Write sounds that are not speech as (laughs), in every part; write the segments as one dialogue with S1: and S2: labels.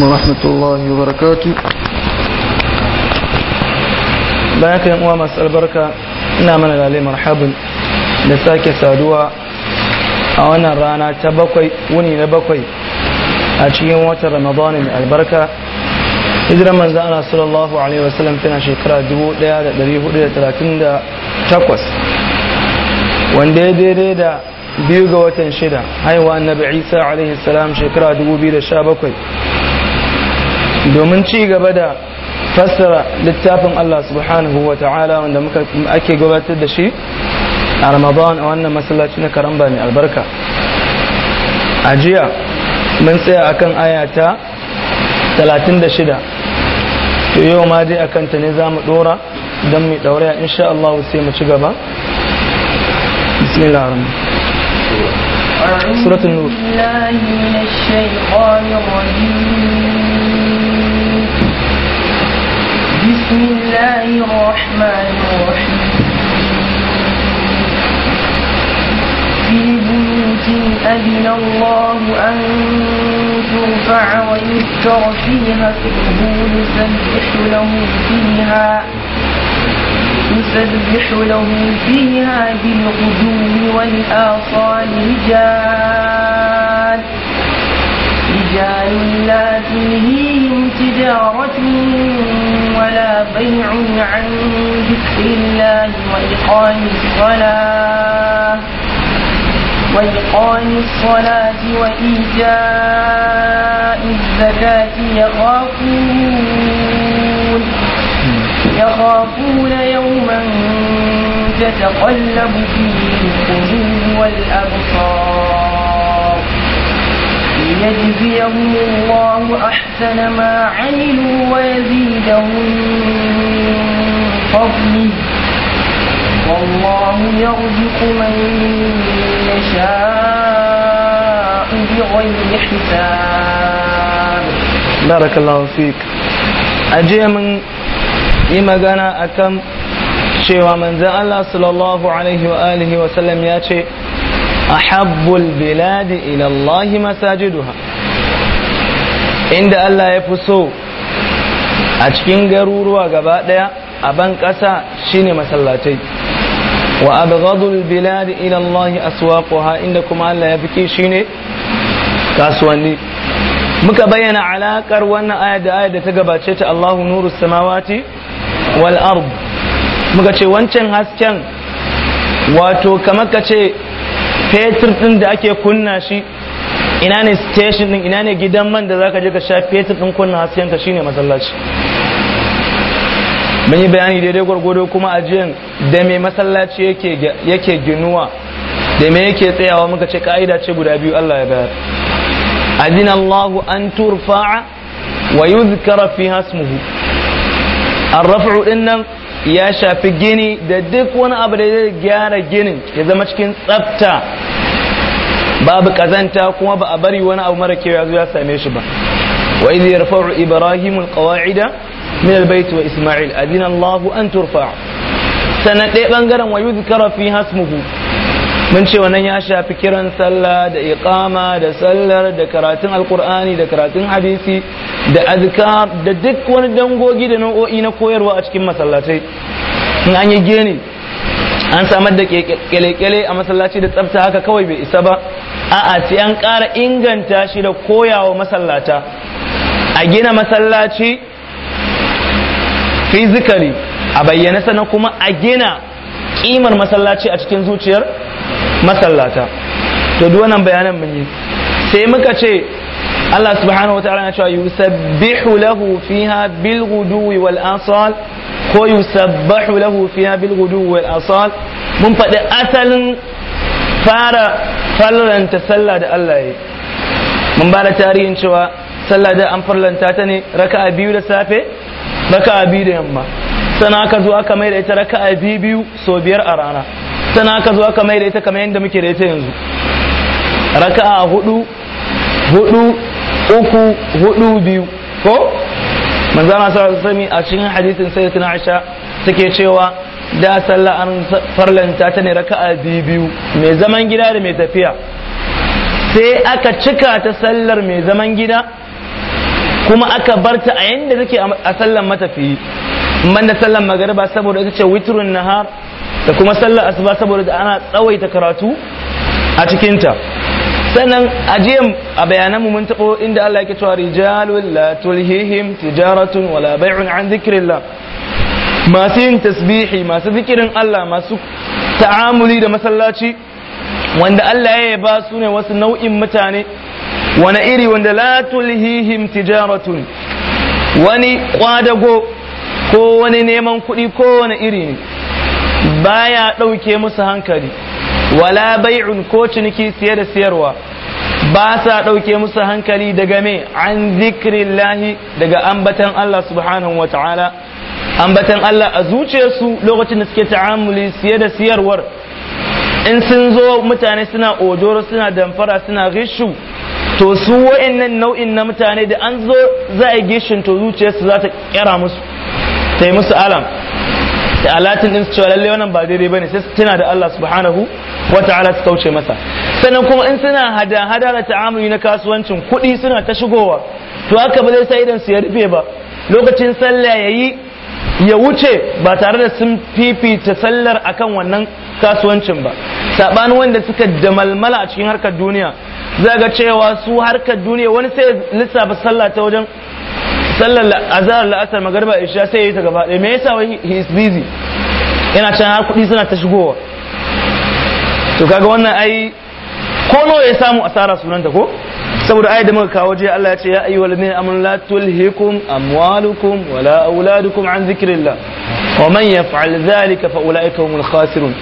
S1: alaikum wa rahmatullahi wa bayan ka uwa masu albarka ina mana lalai marhabin da sake saduwa a wannan rana ta bakwai wuni na bakwai a cikin wata ramadani mai albarka hijirar manzan ana sallallahu alaihi wasallam tana shekara 1438 wanda ya daidai da biyu ga watan shida haihuwa annabi isa alaihi salam shekara 2017 domin ci gaba da fassara littafin Allah subhanahu wa ta'ala wanda ake gabatar da shi a Ramadan a wannan masallaci na karamba mai albarka a jiya mun tsaya akan ayata 36 to yau ma dai akan ta ne za mu dora don mu daure insha Allah sai mu ci gaba bismillah
S2: الشيطان الرجيم بسم الله الرحمن الرحيم في بيوت أذن الله أن ترفع ويذكر فيها اسمه يسبح له فيها يسبح له فيها بالغدو والآصال رجال الرجال لا تلهيهم تجارة ولا بيع عن ذكر الله وإقام الصلاة وإقام الصلاة وإيتاء الزكاة يخافون يخافون يوما تتقلب فيه القلوب والأبصار ليجزيهم الله أحسن ما عملوا ويزيدهم من فضله والله يرزق من يشاء بغير حساب
S1: بارك الله فيك أجي من يمغانا أكم cewa manzan Allah sallallahu Alaihi wa alihi wasallam ya ce أحب البلاد إلى الله مساجدها inda Allah ya fi so a cikin garuruwa gaba ɗaya a banƙasa ƙasa shine masallatai wa abghadul bilad ila Allah aswaquha inda kuma Allah ya fi shine kasuwanni muka bayyana alaƙar wannan aya da aya da ta gabace ta Allahu nuru samawati wal ard muka ce wancan hasken wato kamar ka ce fetur din da ake kunna shi ina ne station din ina ne gidan man da zaka je ka sha fetur din kunna hasken ka shine masallaci mun yi bayani daidai gwargwado kuma ajiyan da mai masallaci yake yake ginuwa da me yake tsayawa muka ce ka'ida ce guda biyu Allah ya bayar azina Allahu an turfa'a wa yuzkara fiha ismuhu ar-raf'u ya shafi gini da duk wani abu da zai gyara ginin ya zama cikin tsafta babu kazanta kuma ba a bari wani abu mara kyau ya zo ya same shi ba wa idh yarfa'u ibrahimul qawa'ida min albayt wa isma'il adina an turfa sanan ɓangaren bangaren wa yuzkara fi hasmuhu mun ce wannan ya shafi kiran sallah da iqama da sallar da karatun alkur'ani da karatun hadisi da azkar da duk wani dangogi da nau'o'i na koyarwa a cikin masallatai in an yi gene an samar da kyalekyale a masallaci da tsafta haka kawai bai isa ba a'a sai an ƙara inganta shi da koyawa masallata a gina masallaci fizikali a bayyana sannan kuma a gina kimar masallaci a cikin zuciyar masallata to duk wannan bayanan mun yi sai muka ce Allah subhanahu wa ta'ala ya ce yusabbihu lahu fiha bil ghuduwi wal asal ko yusabbahu lahu fiha bil ghuduwi wal asal mun faɗi asalin fara farlanta sallah da Allah ya mun ba tarihin cewa sallah da an farlanta ta ne raka'a biyu da safe raka'a biyu da yamma sana aka zo aka mai da ita raka'a biyu biyu so biyar a rana sana aka zo aka da ita kamar yadda muke da ita yanzu raka'a hudu hudu uku hudu biyu ko manzo na sa sami a cikin hadisin sayyidina Aisha take cewa da sallah an farlanta ta ne raka'a biyu biyu mai zaman gida da mai tafiya sai aka cika ta sallar mai zaman gida kuma aka barta a yanda take a sallan matafiyi man da sallan magariba saboda ita ce witrun nahar da kuma sallar asuba saboda ana tsawaita karatu a cikinta sannan ajiyan a bayananmu mun taɓo inda Allah yake cewa rijalul la tulhihim tijaratun wala bai'un an zikrillah masu yin tasbihi masu zikirin Allah masu ta'amuli da masallaci wanda Allah ya ba su ne wasu nau'in mutane wani iri wanda la tulhihim tijaratun wani kwadago ko wani neman kuɗi ko wani iri ne baya ɗauke musu hankali wala bai'un ko ciniki siye da siyarwa ba sa ɗauke musu hankali daga me an zikrillahi daga ambatan Allah subhanahu wa ta'ala ambatan Allah a zuciyarsu lokacin da suke ta'amuli siye da siyarwar in sun zo mutane suna ojoro suna damfara suna gishu to su wa'annan nau'in na mutane da an zo za a gishin to zuciyarsu za ta kera musu ta yi musu alam da alatin din su cewa lalle wannan ba daidai bane sai tana da Allah subhanahu wataala su kauce masa sannan kuma in suna hada hada da ta'amuli na kasuwancin kuɗi suna ta shigowa to haka ba zai sa idan su ya rufe ba lokacin sallah yayi ya wuce ba tare da sun fifita sallar akan wannan kasuwancin ba sabanin wanda suka damalmala a cikin harkar duniya za ga cewa su harkar duniya wani sai lissafa sallah ta wajen sallar azhar la'asar magariba isha sai yayi ta gaba ɗaya me yasa wai he is busy yana can har kuɗi suna ta shigowa to kaga wannan ai ko nawa ya samu asara sunanta ko saboda ayat da muka kawo jiya Allah ya ce ya ayyuhal ladina amanu la tulhikum amwalukum wala auladukum an zikrillah wa man yaf'al dhalika fa ulaika humul khasirun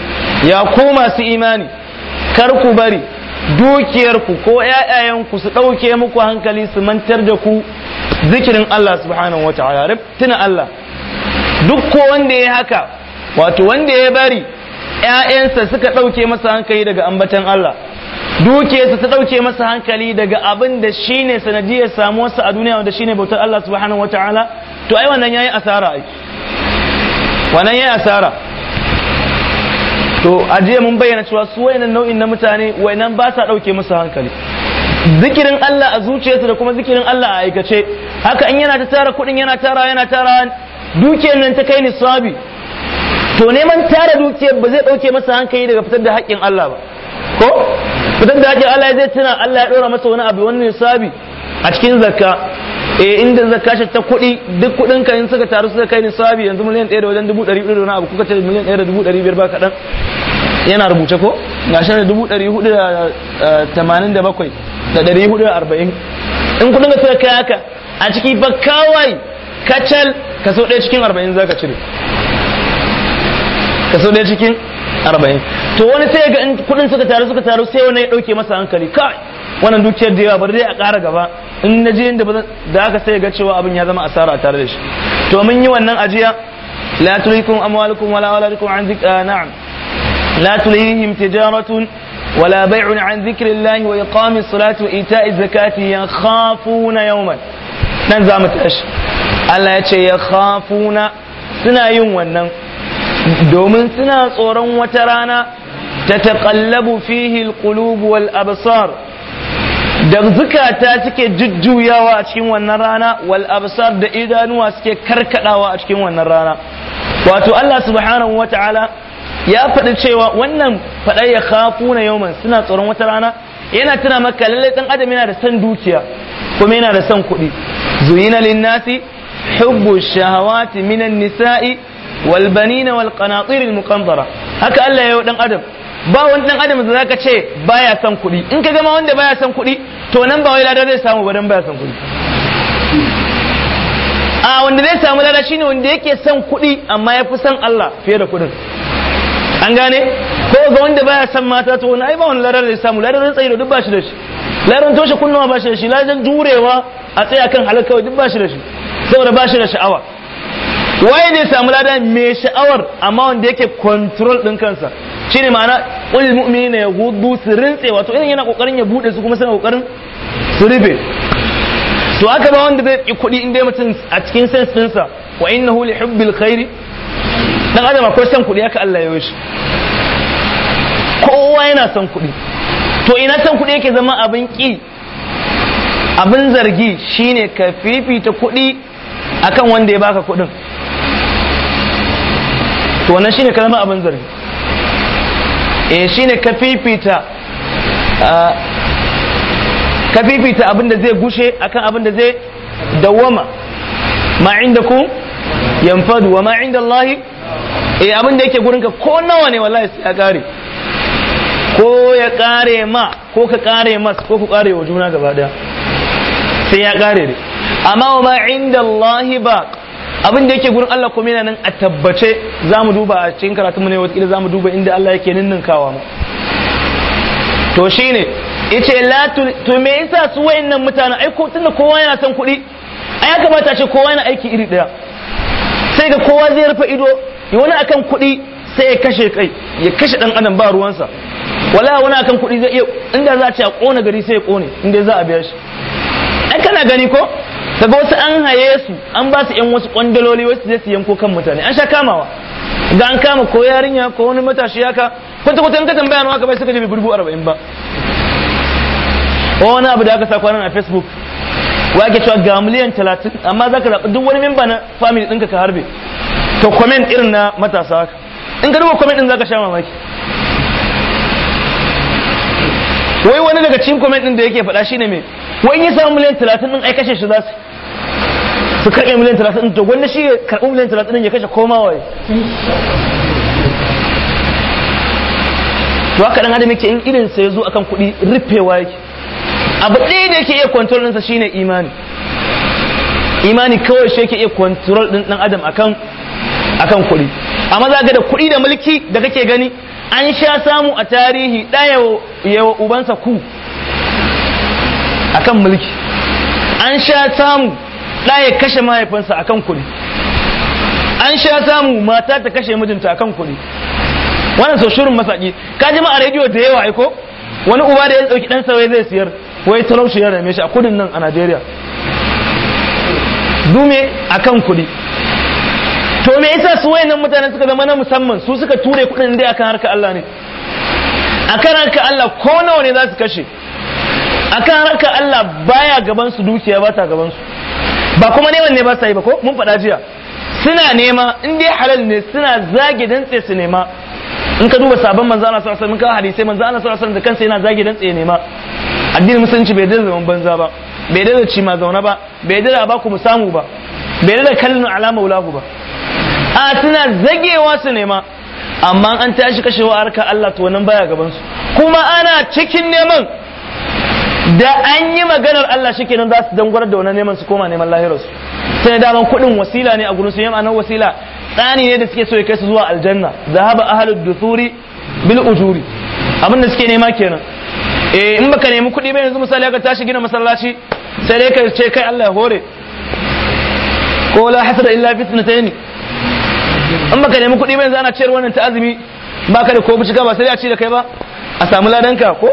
S1: ya ku masu imani kar ku bari dukiyarku ko ku su ɗauke muku hankali su mantar da ku zikirin Allah subhanahu wa ta'ala tuna Allah duk ko wanda ya haka wato wanda ya bari ‘ya'yansa suka ɗauke masa hankali daga ambatan Allah dukiyarsa su ɗauke masa hankali daga abin da shi ne sanadiyar samuwarsa a duniya wanda shi ne bautar Allah subhanahu wa ta'ala to ai wannan ya yi asara ai wannan ya yi asara to a jiya mun bayyana cewa su wayannan nau'in na mutane wayannan ba sa dauke musu hankali zikirin Allah a zuciyarsa da kuma zikirin Allah a aikace haka in yana ta tara kudin yana tara yana tara dukiyar nan ta kai ni sabi to neman tara dukiyar ba zai dauke masa hankali daga fitar da haƙƙin Allah ba ko fitar da haƙƙin Allah zai tuna Allah ya dora masa wani abu wani sabi a cikin zakka eh inda zaka kashe ta kuɗi duk kuɗin ka in suka taru suka kai nisabi yanzu miliyan ɗaya da wajen dubu ɗari da wani abu kuka ce miliyan ɗaya da dubu ɗari biyar ba kaɗan yana rubuce ko gashi ne da dubu ɗari da eh, tamanin da bakwai da ɗari da arba'in in kuɗin ka suka kai haka a ciki ba kawai kacal kaso ɗaya cikin arba'in za ka cire kaso ɗaya cikin arba'in to wani sai ga in kuɗin suka taru suka taru sai wani ya ɗauke masa hankali kai wannan dukiyar da yawa ba dai a ƙara gaba in na je inda da aka sai ga cewa abin ya zama asara tare da shi to mun yi wannan ajiya la tulikum amwalukum wala auladukum an zikra ah, na'am la tulihim tijaratun ولا بيع عن ذكر الله وإقام الصلاة وإيتاء الزكاة يخافون يوما nan za mu tashi Allah ya ce ya khafuna suna yin wannan domin suna tsoron wata rana ta taƙallabu fihi alqulub wal absar da zukata suke jujjuyawa a cikin wannan rana wal absar da idanuwa suke karkadawa a cikin wannan rana wato Allah subhanahu wataala ya faɗi cewa wannan faɗa ya kafu na yawman suna tsoron wata rana yana tuna maka lallai ɗan adam yana da san dukiya kuma yana da san kuɗi zuyina linnasi hubbu shahawati minan nisa'i wal banina wal qanatir al haka Allah ya yi ɗan adam ba wani dan adam da zaka ce baya son kuɗi in ka gama wanda baya son kuɗi to nan ba wai lada zai samu ba dan baya son kuɗi a wanda zai samu lada shine wanda yake son kuɗi amma ya fi son Allah fiye da kuɗin an gane ko ga wanda baya son mata to wani ai ba wani lada zai samu lada zai tsaye duk ba shi da shi ladan toshe kunnuwa ba shi da shi ladan jurewa a tsaya kan halakawa duk ba shi da shi saboda ba shi da sha'awa waye ne samu lada mai sha'awar amma wanda yake control din kansa shi ne ma'ana ƙulil mu'mini na ya gudu su rintse wato irin yana ƙoƙarin ya buɗe su kuma suna ƙoƙarin su rufe to aka ba wanda zai ƙi kuɗi inda dai mutum a cikin sens ɗinsa wa inna huli hibbil khairi dan adam akwai son kuɗi haka Allah ya wuce kowa yana son kuɗi to ina son kuɗi yake zama abin ƙi abin zargi shine ka fifita kuɗi akan wanda ya baka kuɗin to wannan shine kalmar abin zargi eh shine ka fifita ah, ka fifita abin da zai gushe akan abin da zai dawama ma ku yanfadu wa ma inda Allah eh abin da yake gurinka ko nawa ne wallahi sai ya kare ko ya kare ma ko ka kare mas ko ku kare wa juna gaba daya sai ya kare dai amma wa ma inda Allah baq abin da yake gurin Allah kuma yana nan a tabbace za mu duba a cikin karatun mu ne wata za mu duba inda Allah yake ninninkawa mu to shine yace la to me yasa su wayennan mutane ai ko tunda kowa yana son kuɗi ai ya kamata ce kowa yana aiki iri daya sai ga kowa zai rufe ido ya wani akan kuɗi sai ya kashe kai ya kashe dan adam ba ruwansa wala wani akan kuɗi zai iya inda za a ce a kona gari sai ya kone inda za a biya shi ai kana gani ko daga wasu an haye su an ba su yan wasu kwandaloli wasu zai su yanko kan mutane an sha kamawa ga an kama ko yarinya ko wani matashi haka kwata kwata ka tambaya nawa bai suka je bi dubu arba'in ba wani abu da aka sa kwanan a facebook wa ake cewa ga miliyan talatin amma za ka zaɓi duk wani memba na family ɗinka ka harbe to comment irin na matasa haka in ka duba comment ɗin za ka sha mamaki wai wani daga cikin comment ɗin da yake faɗa shine mai wani yi samun miliyan talatin din ai kashe shi za su su karɓe miliyan talatin din to gwanda shi ya karɓi miliyan talatin din ya kashe koma waye to haka dan adam yake in irin sa ya zo akan kuɗi rufewa yake abu ɗaya da yake iya control ɗinsa shine imani imani kawai shi yake iya control ɗin ɗan adam akan akan kuɗi amma za ga da kuɗi da mulki da kake gani an sha samu a tarihi ɗaya yawa ubansa ku akan mulki an sha samu ɗa ya kashe mahaifinsa akan kuɗi an sha samu mata ta kashe mijinta akan kuɗi wannan sau shirin masaki ka ji ma a rediyo da yawa aiko wani uba da ya ɗauki ɗansa wai zai siyar wai talaushi ya rame shi a kudin nan a najeriya dume akan kuɗi to me yasa su wayannan mutane suka zama na musamman su suka ture kuɗin dai akan harka Allah ne akan harka Allah ko nawa ne za su kashe akan harkar Allah baya gaban su dukiya ba ta gaban su ba kuma neman ne ba sai ba ko mun faɗa jiya suna nema in dai halal ne suna zage dantse su nema in ka duba sabon manzo Allah sallallahu alaihi wasallam ka hadisi manzo Allah sallallahu alaihi wasallam da kansa yana zage dantse nema addinin musulunci bai da zaman banza ba bai da ci ma zauna ba bai da ba ku samu ba bai da kallon alama ulahu ba a suna zagewa su nema amma an tashi kashewa harkar Allah to wannan baya gaban su kuma ana cikin neman da an yi maganar Allah shi kenan za su dangwarar da wani neman su koma neman su sai daman kuɗin wasila ne a gurin su yamma nan wasila tsani ne da suke so ya kai su zuwa aljanna zahaba ahlud dusuri bil ujuri abin da suke nema kenan eh in baka nemi kuɗi ba yanzu misali ka tashi gina masallaci sai dai ka ce kai Allah ya hore ko la hasada illa fitnatayn in baka nemi kuɗi ba yanzu ana ciyar wannan ta azumi baka da ko bici ba sai dai a ce da kai ba a samu ladanka ko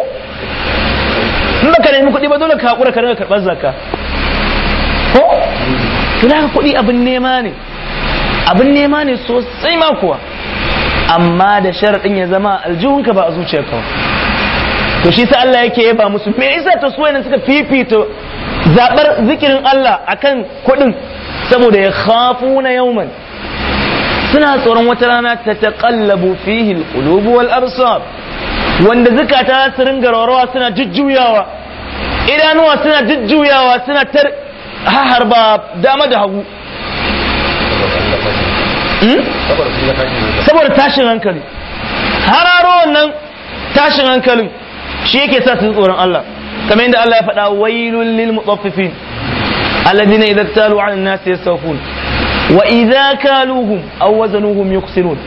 S1: in baka nemi kuɗi ba dole ka hakura ka dinga karɓar zakka ko to kuɗi abin nema ne abin nema ne sosai ma kuwa amma da sharaɗin ya zama ka ba a zuciyarka to shi sa Allah yake yaba musu me yasa ta suwayen suka fifita zabar zikirin Allah akan kuɗin saboda ya khafu na yauman suna tsoron wata rana ta taƙallabu fihi alqulubu wal absar wanda zukata su ringa rawarwa suna jujjuyawa idanuwa suna jujjuyawa suna tar ba dama da hagu
S3: hmm? saboda
S1: tashin hankali hararo wannan tashin hankalin shi yake sa su tsoron Allah kamar yadda Allah ya faɗa wailul lil mutaffifin alladhina idza talu 'ala an-nasi yastawfun wa idza kaluhum aw wazanuhum yuqsirun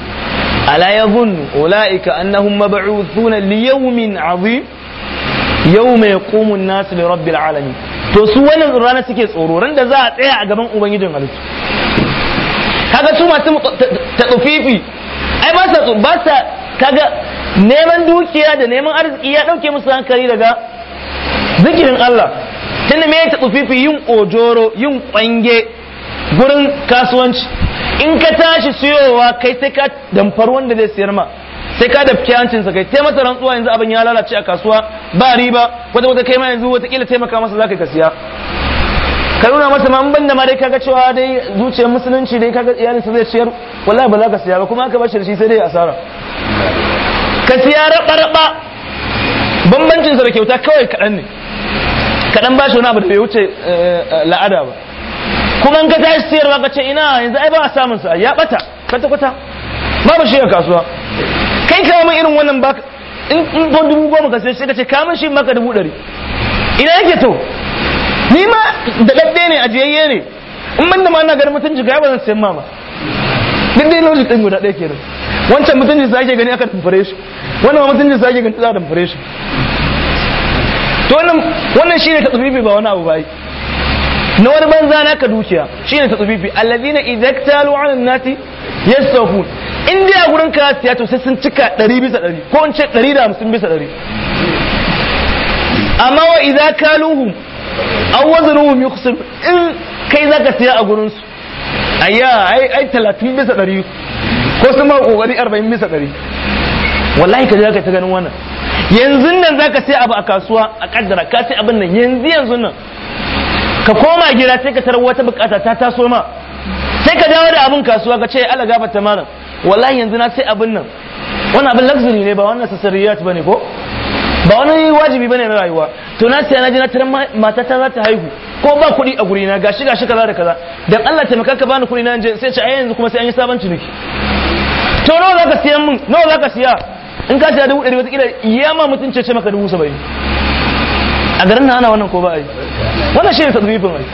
S1: ala yadhunnu ulaika annahum mab'uthuna li yawmin 'azim yawma yaqumu an-nas li rabbil alamin to su wannan rana suke tsoro ran da za a tsaya a gaban ubangijin halittu kaga su masu tsufifi ai ba sa ba sa kaga neman dukiya da neman arziki ya dauke musu hankali daga zikirin Allah tunda me ta tsufifi yin ojoro yin kwange gurin kasuwanci in ka tashi siyowa kai sai ka damfar wanda zai siyar ma sai ka dafke hancinsa kai sai masa rantsuwa yanzu abin ya lalace a kasuwa ba riba wata wata kai ma yanzu watakila taimaka masa za ka siya ka nuna masa ma ban da ma dai kaga cewa dai zuciyar musulunci dai kaga sai zai ciyar wallahi ba za ka siya ba kuma aka bashi da shi sai dai asara ka siya raba raba bambancin sa da kyauta kawai kaɗan ne kaɗan ba shi wani abu da bai wuce eh, eh, la'ada ba kuma ga ka tashi siyarwa ka ce ina yanzu ai ba a samun sa ya bata kwata kwata babu shi a kasuwa kai kawo mun irin wannan ba in don dubu goma ka sai sai ka ce kamun shi maka dubu ɗari ina yake to ni ma da ɗaɗɗe ne ajiyayye ne in ban da ma na ganin mutunci ga ba zan sayan ma ba duk dai logic ɗin guda ɗaya nan wancan mutunci sa ake gani aka damfare shi wannan mutunci sa ake gani za a shi to wannan wannan shine ta tsubibi ba wani abu ba yi na wani banza naka dukiya ne ta tsofifi allazi na ktalu ala nati ya in inda a gurin ka siya to sun cika 100 bisa 100 ko in ce 150 bisa 100 amma wa idza kaluhum aw mai yukhsir in kai zaka siya a gurin su ayya ai bisa 100 ko kokari 40 bisa 100 wallahi ka je ka ta ganin wannan yanzu nan zaka sai abu a kasuwa a kaddara ka sai abin nan yanzu yanzu nan ka koma gida sai ka tarar wata bukata ta taso ma sai ka dawo da abin kasuwa ka ce ala gafarta malam wallahi yanzu na sai abin nan wannan abin luxury ne ba wannan sasariyat bane ko ba wani wajibi bane na rayuwa to na sai na ji na tarar mata ta za ta haihu ko ba kuɗi a guri na gashi gashi kaza da kaza dan Allah taimaka ka bani kuɗi na je sai ce ai yanzu kuma sai an yi sabon ciniki to nawa zaka siya min nawa zaka siya in ka siya dubu ɗari wata kila yamma mutum ce ce maka dubu saba'in a garin na ana wannan ko ba a yi wannan ne tadribin wani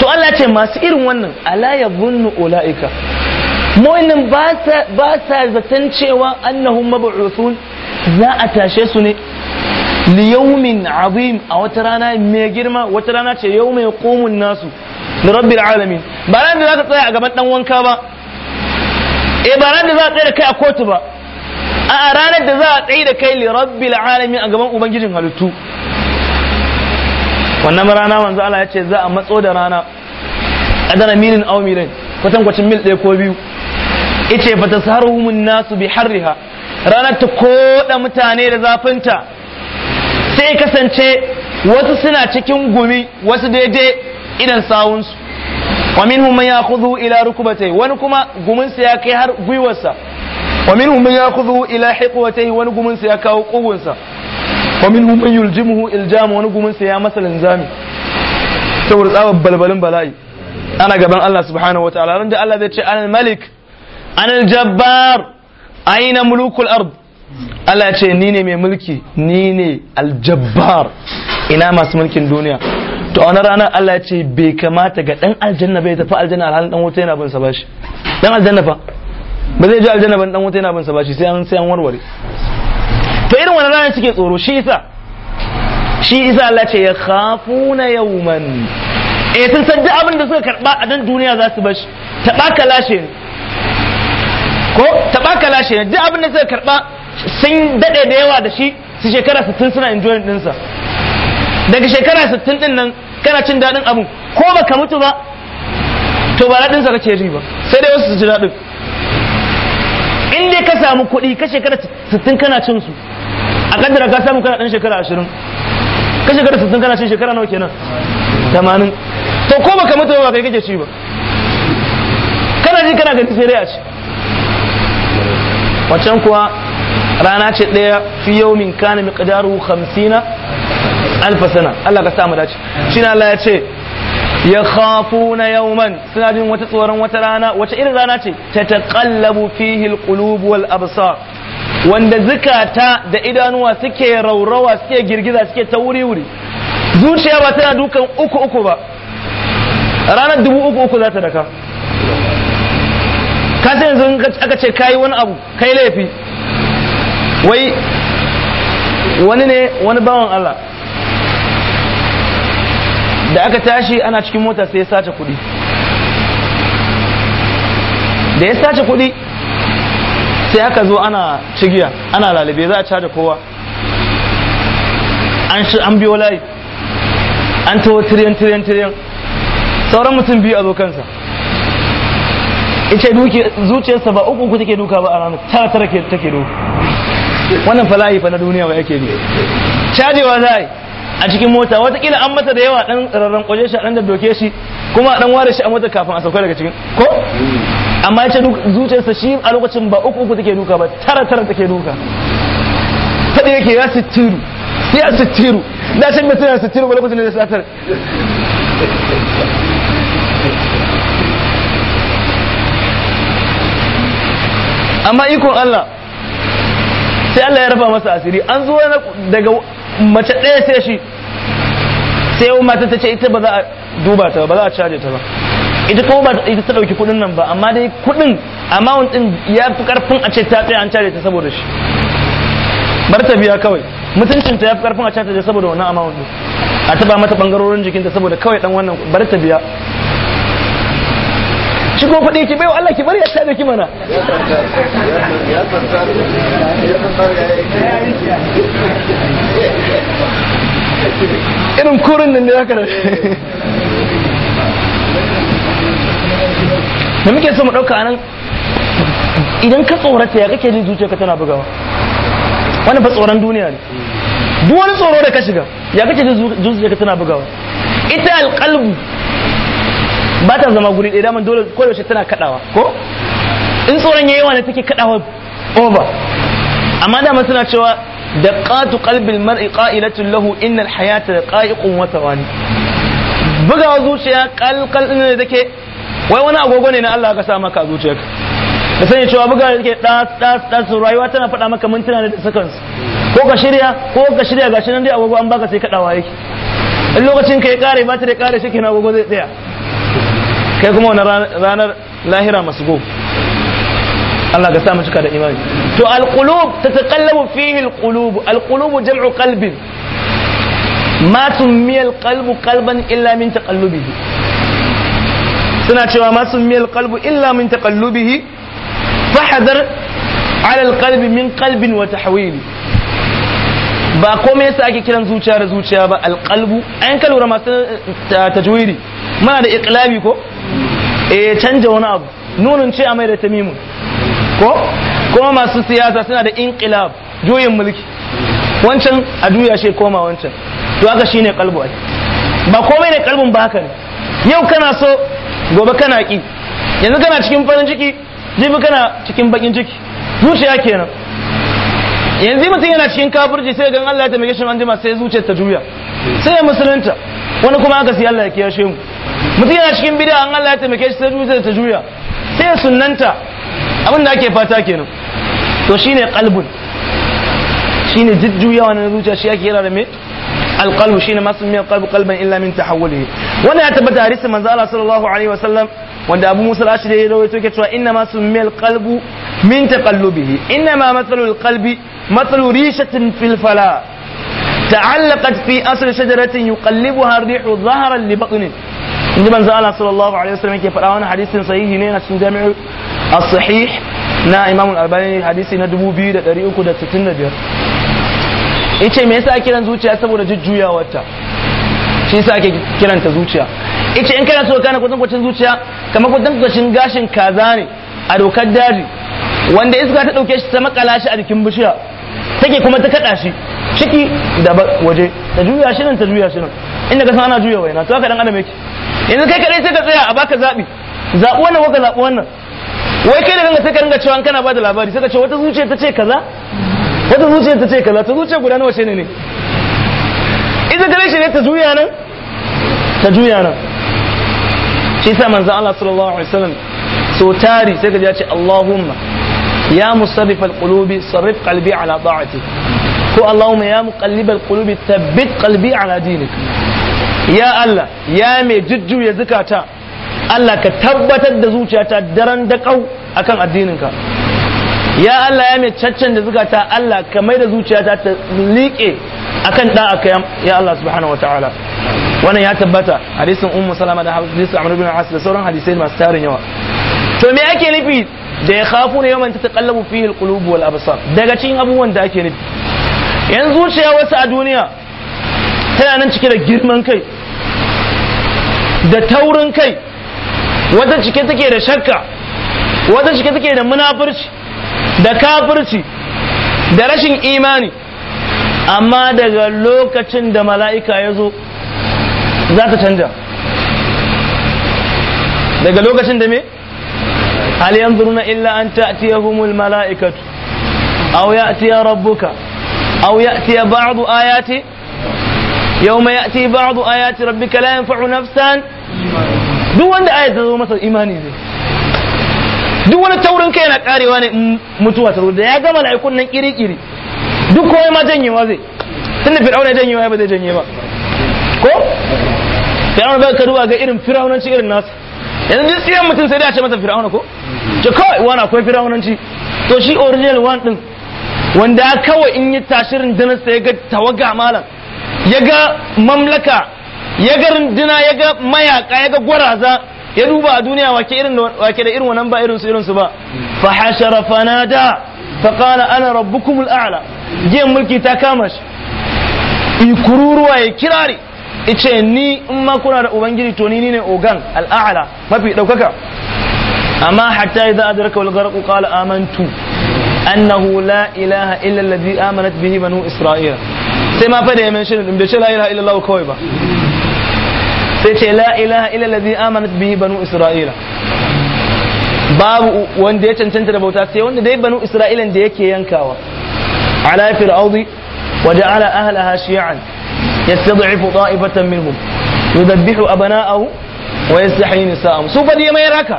S1: to Allah ce masu irin wannan ala yadhunnu ulaika mu'minin ba sa zaton cewa annahun mabu'usun za a tashe su ne liyaumin azim a wata rana mai girma wata rana ce yau mai komun nasu da rabbi alamin ba ran da za ka tsaya a gaban dan wanka ba e ba ran da za a tsaya da kai a kotu ba a ranar da za a tsaye da kai li rabbi alamin a gaban ubangijin halittu wannan rana manzo Allah ya ce za a matso da rana a dana milin aw milin kwatankwacin mil ɗaya ko biyu ice fa tasaruhumun nasu bi harriha ranar ta koɗa mutane da zafinta sai kasance wasu suna cikin gumi wasu daidai idan sawunsu wa minhum man ya'khudhu ila rukubatai wani kuma guminsu ya kai har gwiwarsa wa minhum man ya'khudhu ila hiqwatai wani guminsu ya kawo kugunsa wa minhum man yuljimuhu iljamu wani gumin sai ya masa linzami saboda tsabar balbalin bala'i ana gaban Allah subhanahu wataala ran da Allah zai ce anal malik anal jabbar aina mulukul ard Allah ce ni ne mai mulki ni ne aljabbar ina masu mulkin duniya to a ranar Allah ce bai kamata ga dan aljanna bai tafi aljanna alhalin dan wuta yana bin sa bashi dan aljanna fa ba zai je aljanna ban dan wuta yana bin sa bashi sai an sai an warware to irin wannan ranar suke tsoro shi isa shi isa Allah ce ya khafuna yawman E sun san duk abin da suka karba a dan duniya za su bashi taɓa ka lashe ne ko taɓa ka lashe duk abin da suka karba sun daɗe da yawa da shi su shekara 60 suna enjoy sa. daga shekara 60 din nan kana cin daɗin abu ko baka mutu ba to ba daɗinsa kake ji ba sai dai wasu su ji daɗin in dai ka samu kuɗi ka shekara 60 kana cin su a kaddara ka samu kana dan shekara ashirin ka shekara 60 kana cin shekara nawa kenan tamanin to ko baka mutu ba kai kake ci ba kana ji kana ganin sai dai a ci wancan kuwa rana ce ɗaya fi yawmin min kana mi 50 hamsina alfasana Allah ka samu dace shi na Allah ya ce ya khafu na man suna jin wata tsoron wata rana wata irin rana ce ta taƙallabu fihil ƙulubu wal absar wanda zukata da idanuwa suke raurawa suke girgiza suke ta wuri wuri zuciya ba tana dukan uku uku ba ranar dubu uku uku za ta daka ka yanzu aka ce kayi wani abu kai laifi wai wani ne wani bawan Allah da aka tashi ana cikin mota sai ya sace kuɗi da ya sace kuɗi sai aka zo ana cigiya ana lalibe za a caja kowa an shi an biyo layi an taho tiriyan tiriyan tiriyan sauran mutum biyu a zo kansa ita zuciyarsa ba uku ku take duka ba a ranar tara tara take duka wannan falahi fa na duniya ba yake ne cajewa za a yi a cikin mota watakila an mata da yawa dan rarren kwaje shi a dan da doke shi kuma dan ware shi a mota kafin a sauka daga cikin ko amma ya ce zuciyarsa shi a lokacin ba uku uku take duka ba tara tara take duka taɗa yake ya sittiru ya sittiru na can mutum ya sittiru ba lokacin da ya satar amma ikon Allah sai Allah ya rafa masa asiri an zo daga mace ɗaya sai shi sai yau mata ta ce ita ba za a duba ta ba za a caje ta ba ita ko ba ita ta dauki kudin nan ba amma dai kudin amount din ya fi karfin a ce ta tsaya an cire ta saboda shi bar ta biya kawai mutuncin ta ya fi karfin a ce ta saboda wannan amount din a taba mata bangarorin jikinta saboda kawai dan wannan bar ta biya shi ko kuɗi ki wa Allah ki bari ya tsaya ki mana irin kurin nan ne zaka (laughs) da muke so mu ɗauka anan idan ka tsorata ya kake jin zuciyarka tana bugawa wani fa tsoron duniya ne duk wani tsoro da ka shiga ya kake jin zuciyarka tana bugawa ita alƙalbu ba ta zama guri ɗaya daman dole yaushe tana kaɗawa ko in tsoron ya yawa take kaɗawa over amma dama suna cewa da ƙatu ƙalbin mar'i ƙa'ilatun lahu innal hayata da ƙa'iƙun wata wani bugawa zuciya ƙalƙal ɗin da take wai wani agogo ne na Allah ka sa maka a zuciyarka ka sani cewa buga da take das das das rayuwa tana faɗa maka mintuna da seconds ko ka shirya ko ka shirya gashi nan dai agogo an baka sai kadawa yake in lokacin ka ya kare ba ta da kare shi kenan agogo zai tsaya kai kuma wani ranar lahira masgo Allah ka sa mu cika da imani to alqulub tataqallabu fihi alqulub alqulub jam'u qalbin ma tumiyal qalbu qalban illa min taqallubihi suna cewa masu miyar qalbu illa min taqallubihi fahadar ala alqalbi min qalbin wa tahwili ba komai yasa ake kiran zuciya da zuciya ba alqalbu an kalura masu eh, tajwidi mana da iqlabi ko eh canja wani abu nunun ce a mai da tamimu ko kuma masu siyasa suna da inqilab juyin mulki wancan a duya shi koma wancan to haka shine kalbu ba komai ne kalbun ba haka ne yau kana so gobe kana ki yanzu kana cikin farin ciki jibi kana cikin bakin ciki zuciya kenan yanzu mutum yana cikin kafirci sai ga Allah ya tambaye shi anjima sai zuciyar ta juya sai ya musulunta wani kuma aka sai Allah ya kiyashe mu mutum yana cikin bid'a an Allah ya tambaye shi sai zuciyar ta juya sai sunnanta abin da ake fata kenan to shine qalbun shine jujjuyawa na zuciya shi ake yana da me alqalbu shine masu sun qalbu qalban illa min tahawwulihi wannan ya tabbata hadisin manzo Allah sallallahu alaihi wa sallam wanda Abu Musa al-Ashari ya rawaito ke cewa inna masu sun qalbu min taqallubihi inna ma mathalul qalbi mathalu rishatin fil fala تعلقت في أصل شجرة يقلبها الريح ظهرا لبطن inji manzo Allah sallallahu alaihi wasallam yake faɗa wani hadisin sahihi ne na cikin jami'u as-sahih na Imam al-Albani hadisi na 2365 ce me yasa kiran zuciya saboda jujjuyawarta shi yasa ake kiranta zuciya ce in kana so kana kusan kwatan zuciya kamar kwatan kwatan gashin kaza ne a dokar daji wanda iska ta dauke shi ta makala shi a jikin bishiya take kuma ta kada shi ciki da waje ta juya shi nan ta juya shi nan inda ka san ana juya waina to haka dan adam yake yanzu kai kadai sai ka tsaya a baka zabi zabi wannan ko ka zabi wannan wai kai da kanka sai ka ringa cewa kana ba da labari sai ka ce wata zuciya ta ce kaza wata zuciyar ta ce kaza ta zuciyar guda nawa shine ne ita gare shi ne ta juya nan ta juya nan shi sa manzo Allah sallallahu alaihi wasallam so tari sai kaje ya ce Allahumma ya musarrif alqulubi sarrif qalbi ala ta'ati ko Allahumma ya muqallib alqulubi thabbit qalbi ala dinik ya Allah ya mai jujjuya zukata Allah ka tabbatar da zuciyata daren da kau akan addininka ya Allah ya mai caccan da zukata Allah ka mai da zuciyata ta liƙe akan a ka ya Allah subhanahu wataala wannan ya tabbata hadisin ummu salama da hadisin amr bin as da sauran hadisai masu tarin yawa to me ake nufi da ya khafu ne yawan tataqallabu fihi alqulub wal absar daga cikin abubuwan da ake nufi yanzu zuciya wasu a duniya tana nan cike da girman kai da taurin kai wata cike take da shakka wata cike take da munafurci da kafirci da rashin imani amma daga lokacin da mala'ika ya zo za ta canja daga lokacin da me aliyan zurna illa an humul mala'ikatu aw ya'tiya rabbuka ya ya'tiya ba’adu ayati ya ya'ti ba’adu ayati rabbi kalayen yanfa'u nafsan duk wanda ayata zo masa imani zai duk wani taurin kai yana karewa ne mutuwa ta da ya gama laikun nan kiri-kiri duk kowai ma janyewa zai tunda fir'auna janyewa ba zai janye ba ko fir'auna ba ka duba ga irin fir'aunanci irin nasu yanzu duk tsiyan mutum sai da ce masa fir'auna ko ce kawai wani akwai fir'aunanci to shi original one din wanda kawai in yi tashirin dinarsa ya ga tawaga malam ya ga mamlaka ya ga rindina, ya ga mayaka ya ga gwaraza ya duba a duniya wake irin wake da irin wannan ba irin su irin su ba fa hashara fanada fa qala ana rabbukum al'ala jiyan mulki ta kama shi kururuwa ya kirari ice ni in ma kuna da ubangiji to ni ne ogan al'ala mafi daukaka amma hatta idza adraka al gharq qala amantu annahu la ilaha illa alladhi amanat bihi banu isra'ila sai ma fa da ya mention din bai ce la ilaha illa allah kawai ba sai ce la ilaha illa allazi amanat bihi banu isra'ila babu wanda ya cancanta da bauta sai wanda dai banu isra'ilan da yake yankawa ala fil wa ja'ala ahlaha shi'an yastad'ifu ta'ifatan minhum yudabbihu abana'ahu wa yastahi nisa'ahum su fa dai mai raka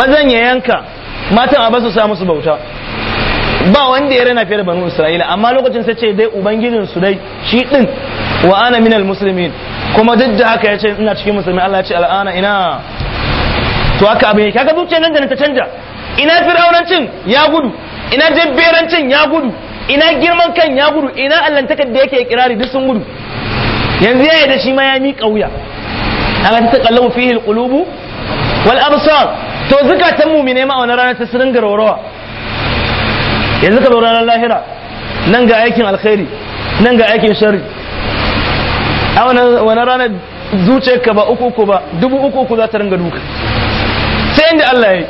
S1: mazan ya yanka matan a basu sa musu bauta ba wanda ya rana fiye da banu isra'ila amma lokacin sai ce dai ubangijin su dai shi din wa ana minal muslimin kuma duk da haka ya ce ina cikin musulmi Allah ya ce al'ana ina to haka abin yake kaga zuciyar nan da ta canja ina fir'aunancin ya gudu ina jabberancin ya gudu ina girman kan ya gudu ina allantakar da yake kirari duk sun gudu yanzu ya da shi ma ya miƙa wuya Allah ta taqallabu fihi alqulubu wal absar to zakatan mu'mine ma wannan rana ta sirin garorawa yanzu ka zo ranar lahira nan ga aikin alkhairi nan ga aikin shari a wani ranar zuciyarka ba uku uku ba dubu uku uku za ta ringa duka sai inda Allah ya yi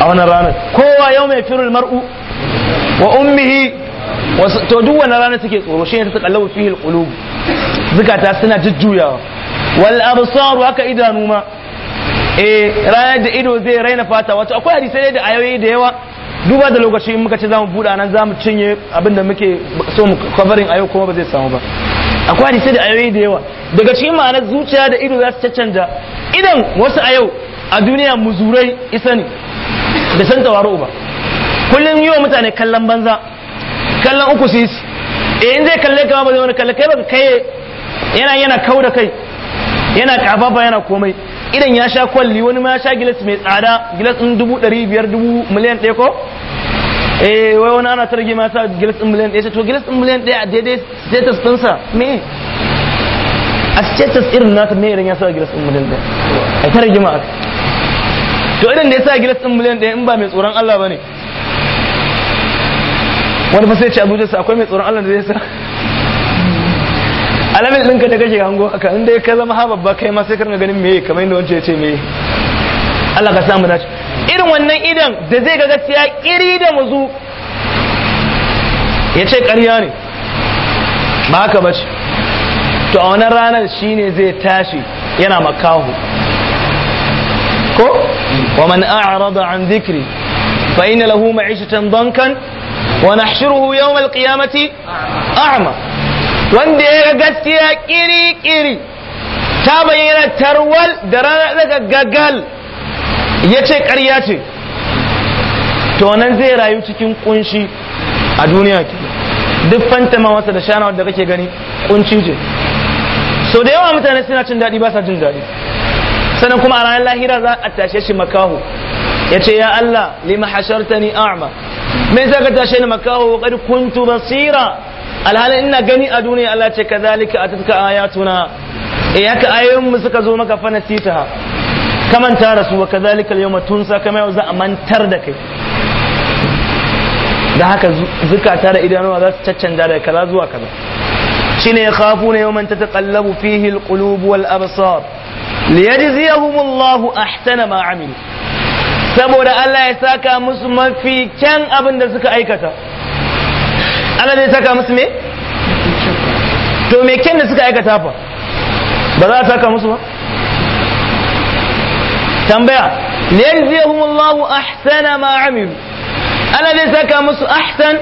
S1: a wani ranar kowa yau mai firin mar'u wa ummihi to duk wani ranar suke tsoro shi ne ta takallabu fihil kulubu zukata suna jujjuyawa wal absaru haka idanu ma eh ranar da ido zai raina fata wato akwai hadisai da ayoyi da yawa duba da lokaci in muka ce mu buɗa nan zamu cinye abin da muke so mu kabarin a yau kuma ba zai samu ba akwai hadisi da ayoyi da yawa daga cikin ma'anar zuciya da ido za su caccanja idan wasu a yau a duniya muzurai isa ne da san tawaro ba kullum yi wa mutane kallon banza kallon uku yi eh in zai kalle kama ba zai wani kalle kai ba kai yana yana kau da kai yana kafafa yana komai idan ya sha kwalli wani ma ya sha gilas mai tsada gilas ɗin dubu ɗari biyar dubu miliyan ɗaya ko eh wai wani ana targe ma sa gilas ɗin miliyan ɗaya to gilas ɗin miliyan ɗaya a daidai status ɗinsa me a status irin nasa me idan ya sa gilas ɗin miliyan ɗaya a targe ma to idan da ya sa gilas ɗin miliyan ɗaya in ba mai tsoron Allah ba ne wani fa sai ce abuja sa akwai mai tsoron Allah da zai sa alamin ɗinka da kake hango haka in ya ka zama ha babba kai ma sai ka ganin meye kamar inda wancan ya ce meye Allah ka samu dace irin wannan idan da zai ga gaskiya kiri da muzu ya ce ƙarya ne ba haka ba ce to a wannan ranar shine zai tashi yana makahu ko wa man a'rada an dhikri fa inna lahu ma'ishatan dankan wa nahshuruhu yawm al-qiyamati a'ma wanda ya gaskiya kiri-kiri ta bayyana tarwal da rana daga gagal ya ce ƙarya ce to nan zai rayu cikin kunshi a duniya ke duk fantama wasa da shanawar da kake gani kunci ce so da yawa mutane suna cin daɗi ba sa jin daɗi sannan kuma a ranar lahira za a tashe shi makaho ya ce ya Allah lima ni a'ma me za ka tashe ni makaho kad kuntu basira alhalin ina gani a duniya Allah ce a atatka ayatuna eh haka ayoyin mu suka zo maka fana sita kaman da su wa kazalika al-yawma tunsa kama yau za a mantar da kai da haka zukata da idanuwa za su caccanja da kaza zuwa kaza shine ya khafu ne ta tataqallabu fihi al wal absar liyajziyahum Allahu ahsana ma amilu saboda Allah ya saka musu mafi kyan abin da suka aikata Allah zai saka musu me to me ken da suka aikata fa ba za a saka musu ba tambaya liyajziyahumullahu ahsana ma amilu Allah zai saka musu ahsan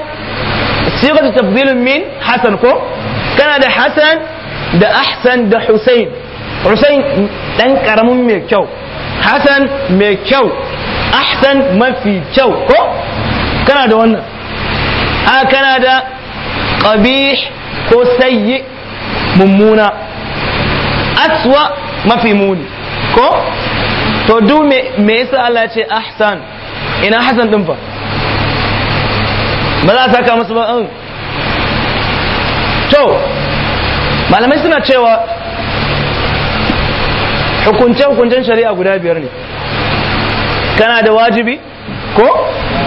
S1: sigatu tafdilun min hasan ko kana da hasan da ahsan da husain husain dan karamin mai kyau hasan mai kyau ahsan mafi kyau ko kana da wannan a kana da qabih ko sayyi mummuna aswa mafi muni ko to du me yasa Allah ce ahsan ina hasan din fa ba za a saka musu ba an to malamai suna cewa hukunce-hukuncen shari'a guda biyar ne kana da wajibi ko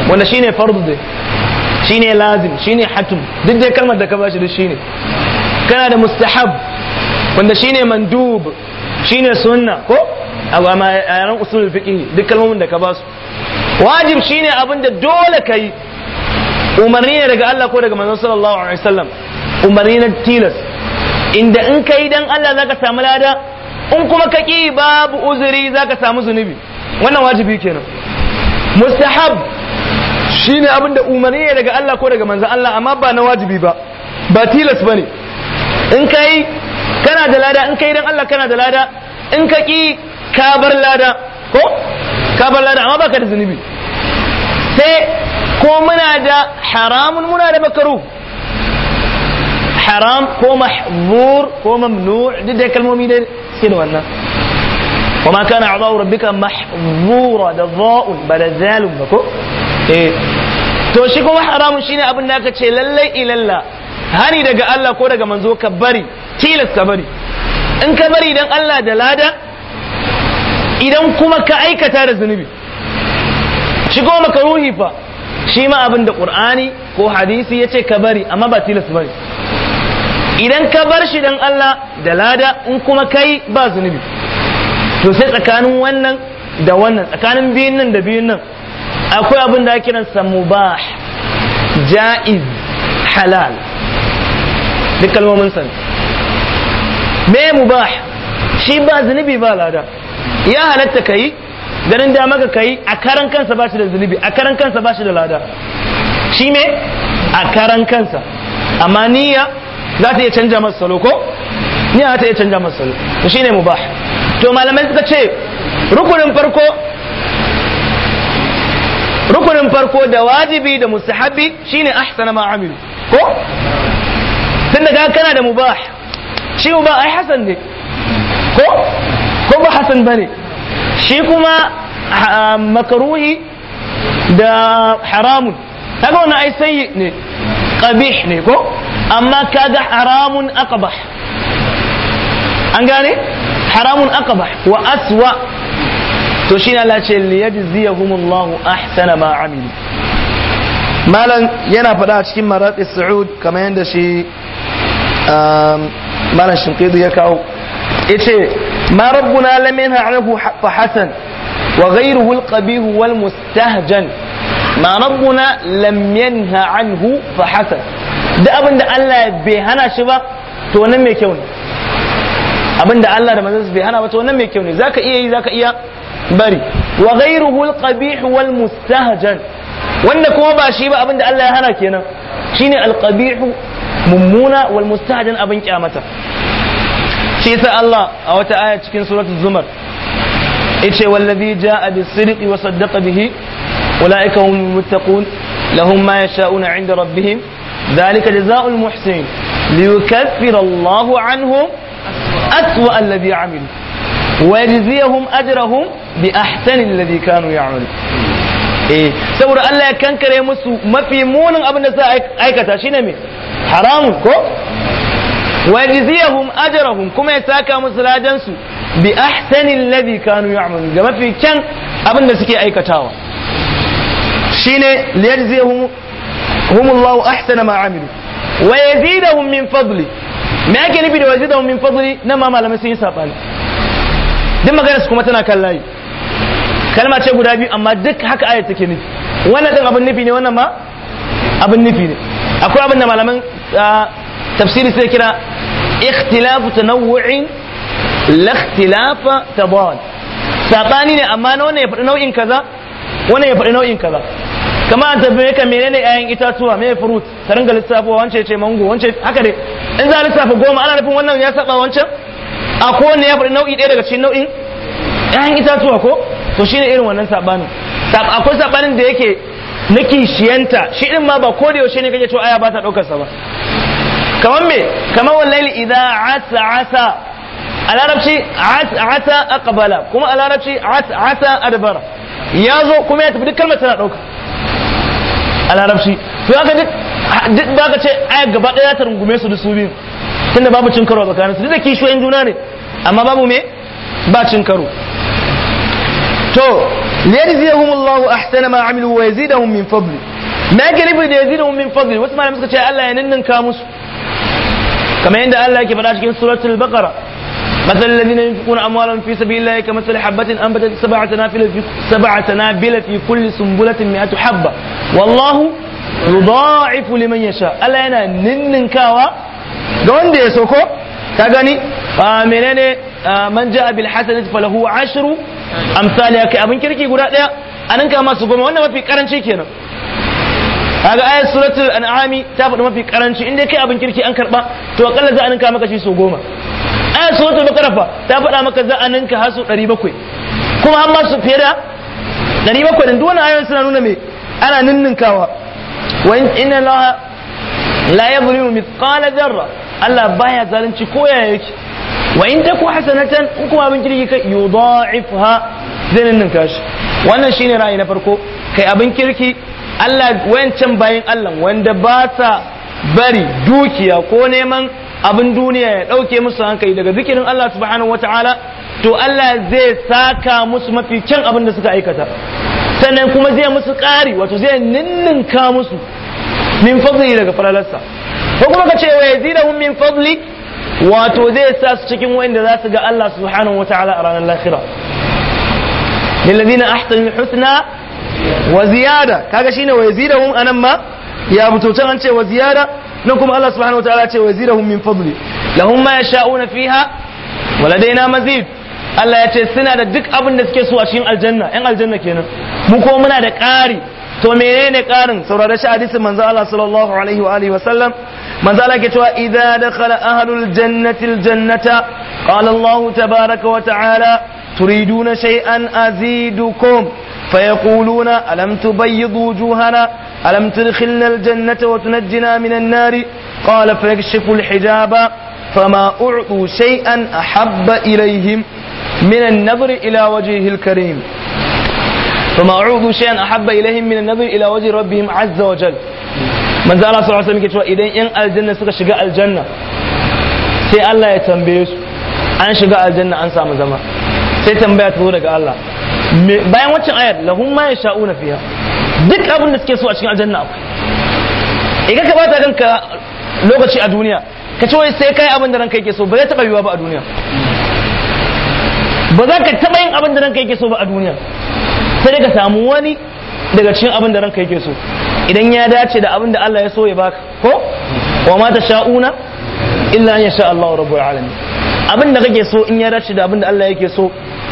S1: wanda shine fardu shine lazim shine hatum duk dai kalmar da ka bashi duk shine kana da mustahab wanda shine mandub shine sunna ko amma a yaran usul fiqh duk kalmomin da ka basu wajib shine abin da dole kai umarni ne daga Allah ko daga manzon sallallahu alaihi wasallam umarni na tilas inda in kai dan Allah zaka samu lada in kuma ka ki babu uzuri zaka samu zunubi wannan wajibi kenan mustahab shine abin da umarni ne daga Allah ko daga manzan Allah amma ba na wajibi ba ba tilas bane in ka yi kana da lada in yi dan Allah kana da lada in ka ki ka bar lada ko ka bar lada amma ka da zunubi sai ko muna da haramun muna da makaru haram ko mahzur ko mamnu duk da kalmomi da suke da wannan وما كان أعضاء ربك محظورا ba ضاء بل ذال ko. Eh. to shi kuma haramun shine abin da aka ce lallai ilalla hani daga Allah ko daga manzo ka bari tilas ka bari in ka bari idan Allah da lada idan kuma ka aikata da zunubi shi kuma makaruhi fa shi ma abin da qur'ani ko hadisi yace ka bari amma ba tilas bari idan ka bar shi dan Allah da lada in kuma kai ba zunubi to sai tsakanin wannan da wannan tsakanin biyun nan da biyun nan akwai abin da ake ransa mubah ja'iz halal duk kalmomin san me mubah shi ba zunubi ba lada ya halatta kai ganin da maka kai a karan kansa ba shi da zunubi a karan kansa ba shi da lada shi me a karan kansa amma niyya za ta iya canja masa salo ko niyya za ta iya canja masa salo to shine mubah to malamai suka ce rukunin farko rukunin farko da wajibi da musahabi shine ahsana ma amilu ko tun daga kana da mubah shi mubah ai hasan ne ko ko ba hasan bane shi kuma makaruhi da haramun kaga wannan ai sayyi ne qabih ne ko amma kaga haramun aqbah an gane haramun aqbah wa aswa to shi na lace liyajziyahumullahu ahsana ma amilu malam yana faɗa a cikin maratsi sa'ud kamar yadda shi um, malam shinkidu ya kawo ita ma rabbuna lam yanha'ahu fa hasan wa ghayruhu al-qabih wal mustahjan ma rabbuna lam yanha anhu fa hasan da abinda Allah bai hana shi ba to nan mai kyau ne abinda Allah da manzon bai hana ba to nan mai kyau ne zaka iya yi zaka iya bari wa ghayruhu al-qabih wal mustahjan wanda kuma ba shi ba abinda Allah ya hana kenan shine al-qabih mummuna wal mustahjan abin kyamata shi yasa Allah a wata aya cikin suratul zumar yace wallazi jaa bis-sidqi wa saddaqa bihi ulaika humul muttaqun lahum ma yasha'una 'inda rabbihim ذلك جزاء المحسنين ليكفر الله عنهم أسوأ الذي عملوا wa yajziyahum ajrahum bi ahsani alladhi kanu ya'malu eh saboda Allah ya kankare musu mafi munin abin da sa aikata shine me haramun ko wa yajziyahum ajrahum kuma ya saka musu ladan su bi ahsani alladhi kanu ya'malu ga mafi kyan abin da suke aikatawa shine liyajziyahum humullahu ahsana ma amilu wa yazidahum min fadli me ake nufi da wazidahum min fadli na ma malamai sun yi sabani duk maganar su kuma tana kan layi kalma ce guda biyu amma duk haka ayat take nufi wannan din abin nufi ne wannan ma abin nufi ne akwai abin da malaman ah, tafsiri sai kira ikhtilafu tanawu'in la ikhtilafa tabad sabani ne amma na wannan ya faɗi nau'in kaza wannan ya faɗi nau'in kaza kama an tafi ka menene ƴaƴan itatuwa me fruit ka ringa lissafowa wance ce mango wance haka dai in za a lissafa goma ana nufin wannan ya saba wancan a kowanne ya faɗi nau'i ɗaya daga cikin nau'in ‘ya'yan itatuwa ko to shine irin wannan sabanin akwai sabanin da yake na kishiyanta shi din ma ba ko da yaushe ne kake cewa aya ba ta daukar sa ba kamar me kamar wallahi idza asa asa a larabci asa aqbala kuma a larabci asa adbara ya zo kuma ya tafi duk kalmar tana dauka a larabci to haka duk ba ka ce aya gaba daya ta rungume su da su biyu tunda babu cin karo tsakanin su duk da kishiyoyin juna ne amma babu me ba cin karo to liyajziyahumullahu ahsana ma amilu wa yazidahum min fadli ma yake nufi da yazidahum min fadli wasu malamai suka ce Allah ya ninninka musu kamar yadda Allah yake faɗa cikin suratul baqara مثل الذين ينفقون اموالا في سبيل الله كمثل حبة انبتت سبع سنابل في سبع سنابل في كل سنبلة 100 حبة والله يضاعف لمن يشاء الا انا كاوا ga wanda ya so ko ka gani ah, menene ah, man ja'a bil hasanati falahu ashru amsali kai abin kirki guda daya anan ka masu goma wannan mafi karanci kenan kaga ayat suratul an'ami ta faɗi mafi karanci inda kai abin kirki an karba to akalla za a ninka maka shi su goma ayat suratul makarafa fa ta faɗa maka za a ninka hasu ɗari 700 kuma an masu fiye da 700 din duk wannan ayoyin suna nuna me ana ninninkawa wa inna laha. la yadhlimu mithqala dharra Allah baya zalunci ko yake wa in taku hasanatan in kuma abin kirki kai yudha'ifha zai nan kashi wannan shine ra'ayi na farko kai abin kirki Allah wancan bayin Allah wanda ba ta bari dukiya ko neman abin duniya ya dauke musu hankali daga zikirin Allah subhanahu wataala to Allah zai saka musu mafi kyan abin da suka aikata sannan kuma zai musu kari wato zai ninninka musu min fadli daga falalarsa ko kuma ka ce wa yazidahum min fadli wato zai sa su cikin wanda za su ga Allah subhanahu wataala a ranar lahira ladina ahsanu husna wa ziyada kaga shine wa yazidahum anan ma ya buto can an ce wa ziyada nan kuma Allah subhanahu wataala ce wa yazidahum min fadli lahum ma yasha'una fiha wa ladaina mazid Allah ya ce suna da duk abin da suke so a cikin aljanna yan aljanna kenan mu ko muna da ƙari so menene karin saurari shi hadisi manzo Allah sallallahu alaihi wa alihi wasallam manzo Allah ke cewa idza dakhala ahlul jannati al jannata qala Allah tabaaraka wa ta'ala turiduna shay'an azidukum fayaquluna alam tubayyid wujuhana alam tudkhilna al jannata wa tunajjina min an nar qala fayakshifu al hijaba فما أعطوا شيئا أحب إليهم من النظر إلى وجهه الكريم فما أعوذ شيئا أحب إليهم من النظر إلى وجه ربهم عز وجل من ذا صلى الله عليه وسلم كتوا إذن إن الجنة سكا شقاء الجنة سي الله يتنبيش أن شقاء الجنة أن سام سي تنبيه daga الله bayan waccan ayar lahum ma yasha'una fiha duk abin da suke so a cikin aljanna akwai idan ka bata kanka lokaci a duniya ka ce wai sai kai abin da ranka yake so ba ba a duniya ba za ka taba yin abin da ranka yake so ba a duniya sai ka samu wani daga cikin abin da ranka yake so idan ya dace da abin da Allah ya so ya baka ko wa ma sha'una illa an yasha Allahu rabbul alamin abin da kake so in ya dace da abin da Allah yake so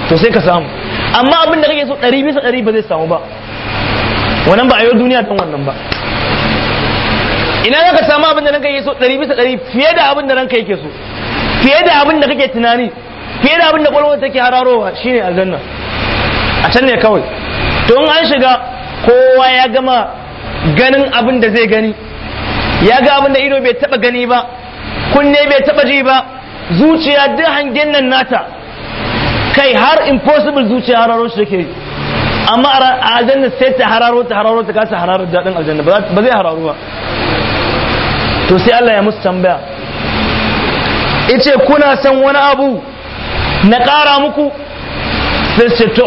S1: to sai ka samu amma abin da kake so 100 bisa 100 ba zai samu ba wannan ba a yau duniya tan wannan ba ina zaka samu abin da ranka yake so 100 bisa 100 fiye da abin da ranka yake so fiye da abin da kake tunani fiye da abin da kwalwar take hararowa shine aljanna a can ne kawai don an shiga kowa ya gama ganin abin da zai gani ya ga abin da ido bai taba gani ba kunne bai taba ji ba zuciya duk hangen nan nata kai har impossible zuciya hararo shi ke amma a aljanna sai ta hararo ta hararo ta kasa hararo daɗin aljanna ba zai hararo ba to sai Allah ya musu tambaya yace kuna san wani abu na kara muku sai ce to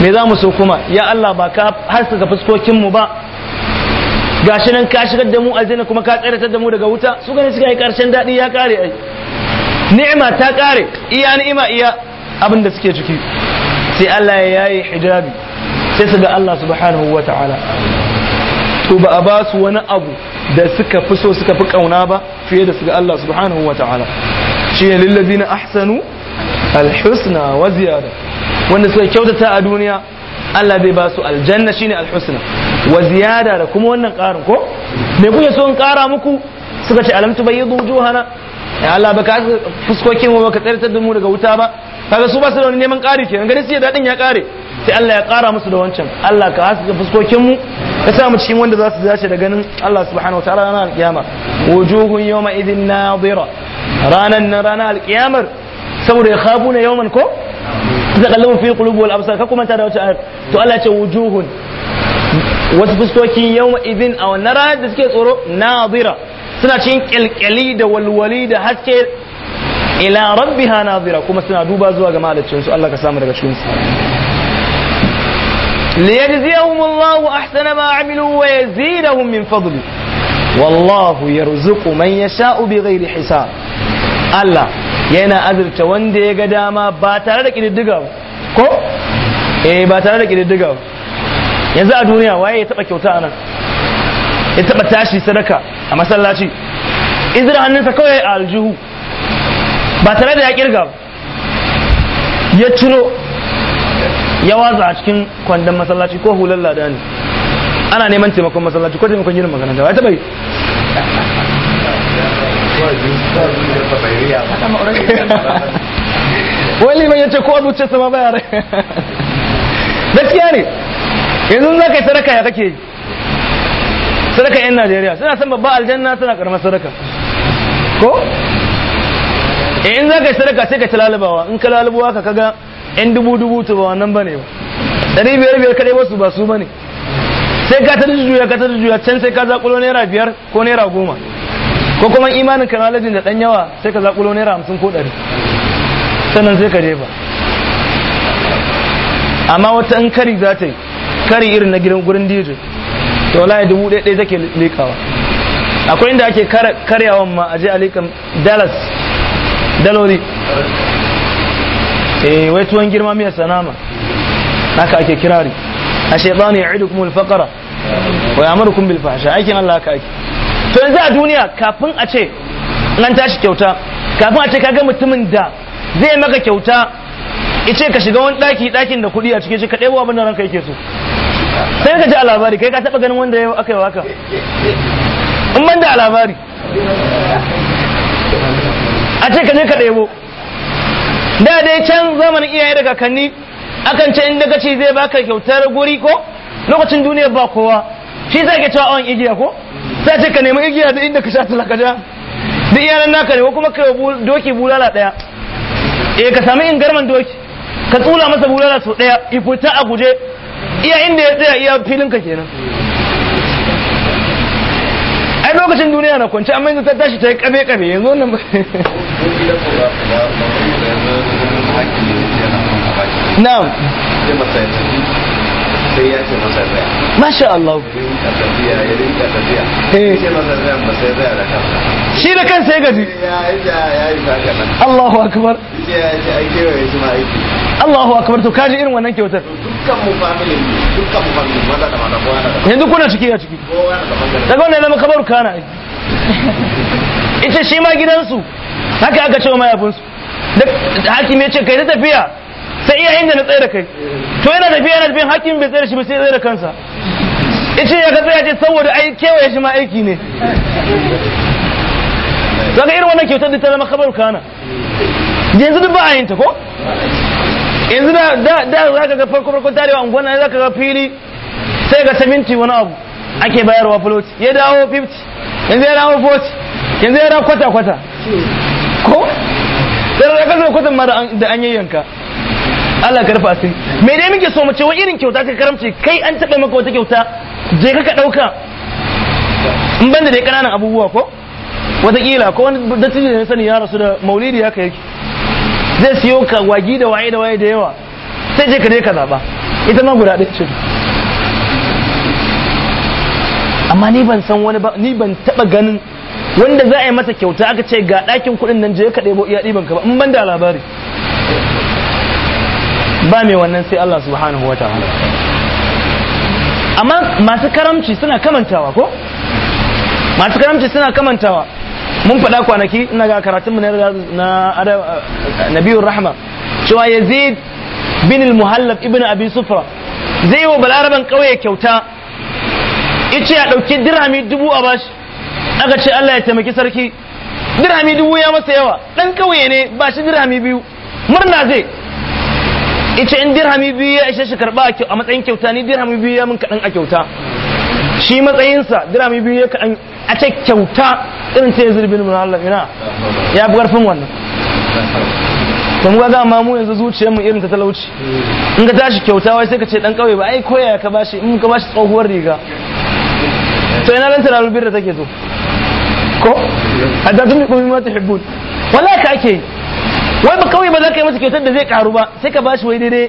S1: me za mu so kuma ya Allah ba ka haskaka fuskokin mu ba gashi nan ka shigar da mu aljanna kuma ka tsaratar da mu daga wuta su gane suka yi karshen dadi ya kare ai ni'ima ta kare iya ni'ima iya abin da suke ciki sai Allah ya yayi hijabi sai su ga Allah subhanahu wa ta'ala to ba a ba su wani abu da suka fi so suka fi kauna ba fiye da su ga Allah subhanahu wa ta'ala shi ne lillazina ahsanu alhusna wa ziyada wanda suka kyautata a duniya Allah zai ba su aljanna shine alhusna wa ziyada da kuma wannan karin ko me kuke so in kara muku suka ce alam tubayyidu wujuhana ya Allah baka fuskokin mu baka tsartar da mu daga wuta ba kaga su ba su da wani neman kari kenan gari sai dadin ya kare sai Allah ya kara musu da wancan Allah ka haska fuskokin mu ka sa mu cikin wanda za su dace da ganin Allah subhanahu wataala ranar alkiyama wujuhun yawma idhin nadira ranan na ranar alkiyamar saboda ya khafu na yawman ko zaqallamu fi qulubi wal absar ka kuma ta da wace ayar to Allah ce wujuhun wasu fuskoki yawma idin a wannan ranar da suke tsoro nazira suna cikin kyalkyali da walwali da haske ila rabbiha nazira kuma suna duba zuwa ga mahalicin su Allah ka samu daga cikin su liyajziyahum Allahu ahsana ma amilu wa yazidahum min fadli wallahu yarzuqu man yasha'u bighairi hisab Allah yana azurta wanda ya ga dama ba tare da kididdiga ko eh ba tare da kididdiga yanzu a duniya waye ya taba kyauta anan ya taba tashi sadaka a masallaci idan hannunsa kawai a aljihu ba tare da ya kirga ya ciro ya watsa a cikin kwandon masallaci ko hular lada ne ana neman taimakon masallaci ko taimakon magana da ya taba yi wani mai yace ko abu ce sama baya rai gaskiya ne yanzu za ka yi sadaka ya kake sadaka yan najeriya suna son babba aljanna suna karama sadaka ko in za ka yi sadaka sai ka ci lalubawa in ka lalubawa ka kaga yan dubu dubu ta ba wannan bane ba dari biyar biyar kadai wasu ba su bane sai ka ta juya ka ta juya can sai ka zaƙulo naira biyar ko naira goma ko kuma imanin ka lajin da dan yawa sai ka zakulo naira hamsin ko ɗari sannan sai ka jefa amma wata in kari za ta yi kari irin na gidan gurin dj to wallahi dubu ɗaya ɗaya take lekawa akwai inda ake karyawan ma aje a lekan dallas dalori eh wai tuwon girma miyar sanama haka ake kirari a shaitani ya idu kuma alfakara wa ya bil bilfasha aikin allah haka ake to yanzu a duniya kafin a ce nan tashi kyauta kafin a ce kaga mutumin da zai maka kyauta ice ka shiga wani daki dakin da kuɗi a cikin shi ka ɗebo abin da ranka yake so sai ka ji a labari kai ka taɓa ganin wanda ya aka yi waka in ban da a labari a ce ka je ka ɗebo da dai can zamanin iyaye da kakanni akan ce in daga ci zai baka kyautar guri ko lokacin duniya ba kowa shi zai ke cewa awon igiya ko sai ce ka nemi igiya da inda ka sha talaka ja duk iyalan naka ne ko kuma ka doki bulala daya eh ka sami in garman doki ka tsula masa bulala so daya ifuta a guje iya inda ya tsaya iya filin ka kenan ai lokacin duniya na kwanci amma yanzu ta tashi ta yi kame kame yanzu wannan (laughs) na'am
S3: sai ya ce masa tsaya masha Allah rinka tafiya ya tafiya eh ce masa tsaya ba sai tsaya da
S1: shi da kansa ya gaji ya ya yi Allahu akbar ya ai kewaye Allahu akbar to kaji irin wannan kyautar dukkan mu family dukkan mu family maza da mata da yanzu kuna ciki ya ciki kowa da daga wannan zama kabaru kana ita shi ma gidansu haka aka ce wa mayafinsu da hakime ce kai ta tafiya sai iya inda na tsaye da kai to yana tafiya yana tafiya hakim bai tsaye da shi ba sai tsaye da kansa ice ya ka tsaye ce saboda ai kewaye shi ma aiki ne zaka irin wannan kyautar da ta zama kabar kana yanzu duk ba a yin ta ko yanzu da da za ka ga farko farko tarewa unguwan ne za ka ga fili sai ga 70 wani abu ake bayarwa float ya dawo 50 yanzu ya dawo 40 yanzu ya dawo kwata kwata ko sai da ka kwatan ma da an yayyanka Allah ka rufa sai me dai muke so mu ce wa irin kyauta ka karamci kai an taɓa maka wata kyauta je ka ka ɗauka in banda dai ƙananan abubuwa ko wataƙila ko wani dattijo ne sani ya rasu da maulidi haka yake zai siyo ka wagi da waye da waye da yawa sai je ka dai ka zaɓa ita ma guda ɗaya ce amma ni ban san wani ba ni ban taɓa ganin wanda za a yi mata kyauta aka ce ga ɗakin kuɗin nan je ka ɗebo iya ɗiban ka ba in ban da labari ba mai wannan sai Allah subhanahu wa ta'ala amma masu karamci suna kamantawa ko masu karamci suna kamantawa mun faɗa kwanaki ina ga karatun mu na nabiyur rahma cewa yazid bin al-muhallab ibn abi sufra zai wa balaraban kauye kyauta yace ya dauki dirhami dubu a bashi aka ce Allah ya taimaki sarki dirhami dubu ya masa yawa dan kauye ne ba shi dirhami biyu murna zai ita in dirhami biyu ya ishe shi karba a matsayin kyauta ni dirhami biyu ya mun kaɗan a kyauta shi matsayinsa dirhami biyu ya kaɗan a ta kyauta irin ta yanzu bin mulallam ina ya fi ƙarfin wannan to mu za ma mu yanzu zuciyar mu irin ta talauci in ka tashi kyauta wai sai ka ce dan kauye ba ai koya ka bashi in ka bashi tsohuwar riga to ina lantar alubir da take zo. ko A hadatun bi kuma ma tuhibbun Wala ka ake yi wai ba kauye ba za ka yi masa kyautar da zai karu ba sai ka bashi wai daidai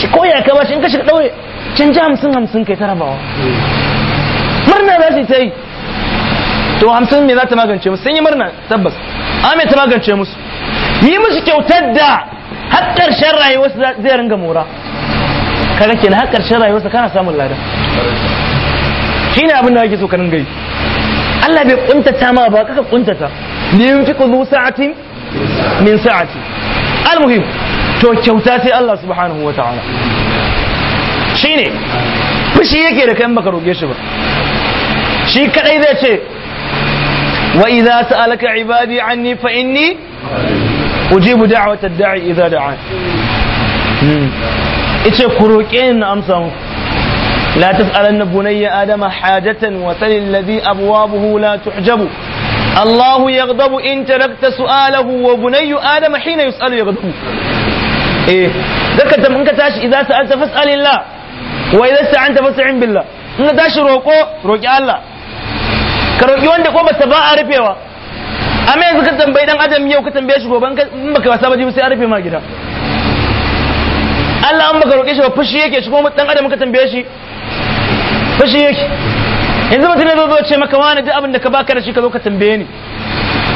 S1: shi koya ka bashi in ka shiga ɗauye can ji hamsin hamsin kai ta rabawa murna za su ta yi to hamsin me za ta magance musu sun yi murna tabbas a ta magance musu yi musu kyautar da har ƙarshen rayuwarsu zai ringa mora kaga kenan har ƙarshen rayuwarsu kana samun lada Shi ne abin da ake so ka ringa yi Allah bai kuntata ma ba kaka kuntata ne yin fi kuzu sa'atin min sa'ati almuhim to kyauta sai Allah subhanahu wa ta'ala shine fushi yake da kai baka roke shi ba shi kadai zai ce wa idza sa'alaka ibadi anni fa inni ujibu da'wata da'i idza da'an ice hmm. ku roke ni na amsa muku لا تسألن بني آدم حاجة وسل الذي أبوابه لا تحجب Allahu yaghdabu in tarakta su'alahu wa bunayyu adama hina yus'alu yaghdabu eh zaka tam in ka tashi idan idza sa'alta fas'alillah wa idan idza sta'anta fas'in billah in ka tashi roko roƙi Allah ka roƙi wanda ko bata ba a rufewa amma yanzu ka tambayi dan adam yau ka tambaye shi gobe in baka wasa ba jibi sai a rufe ma gida Allah an baka roke shi ba fushi yake shi kuma dan adam ka tambaye shi fushi yake yanzu mutum ne zo ce maka wani duk abin da ka baka da shi ka zo ka tambaye ni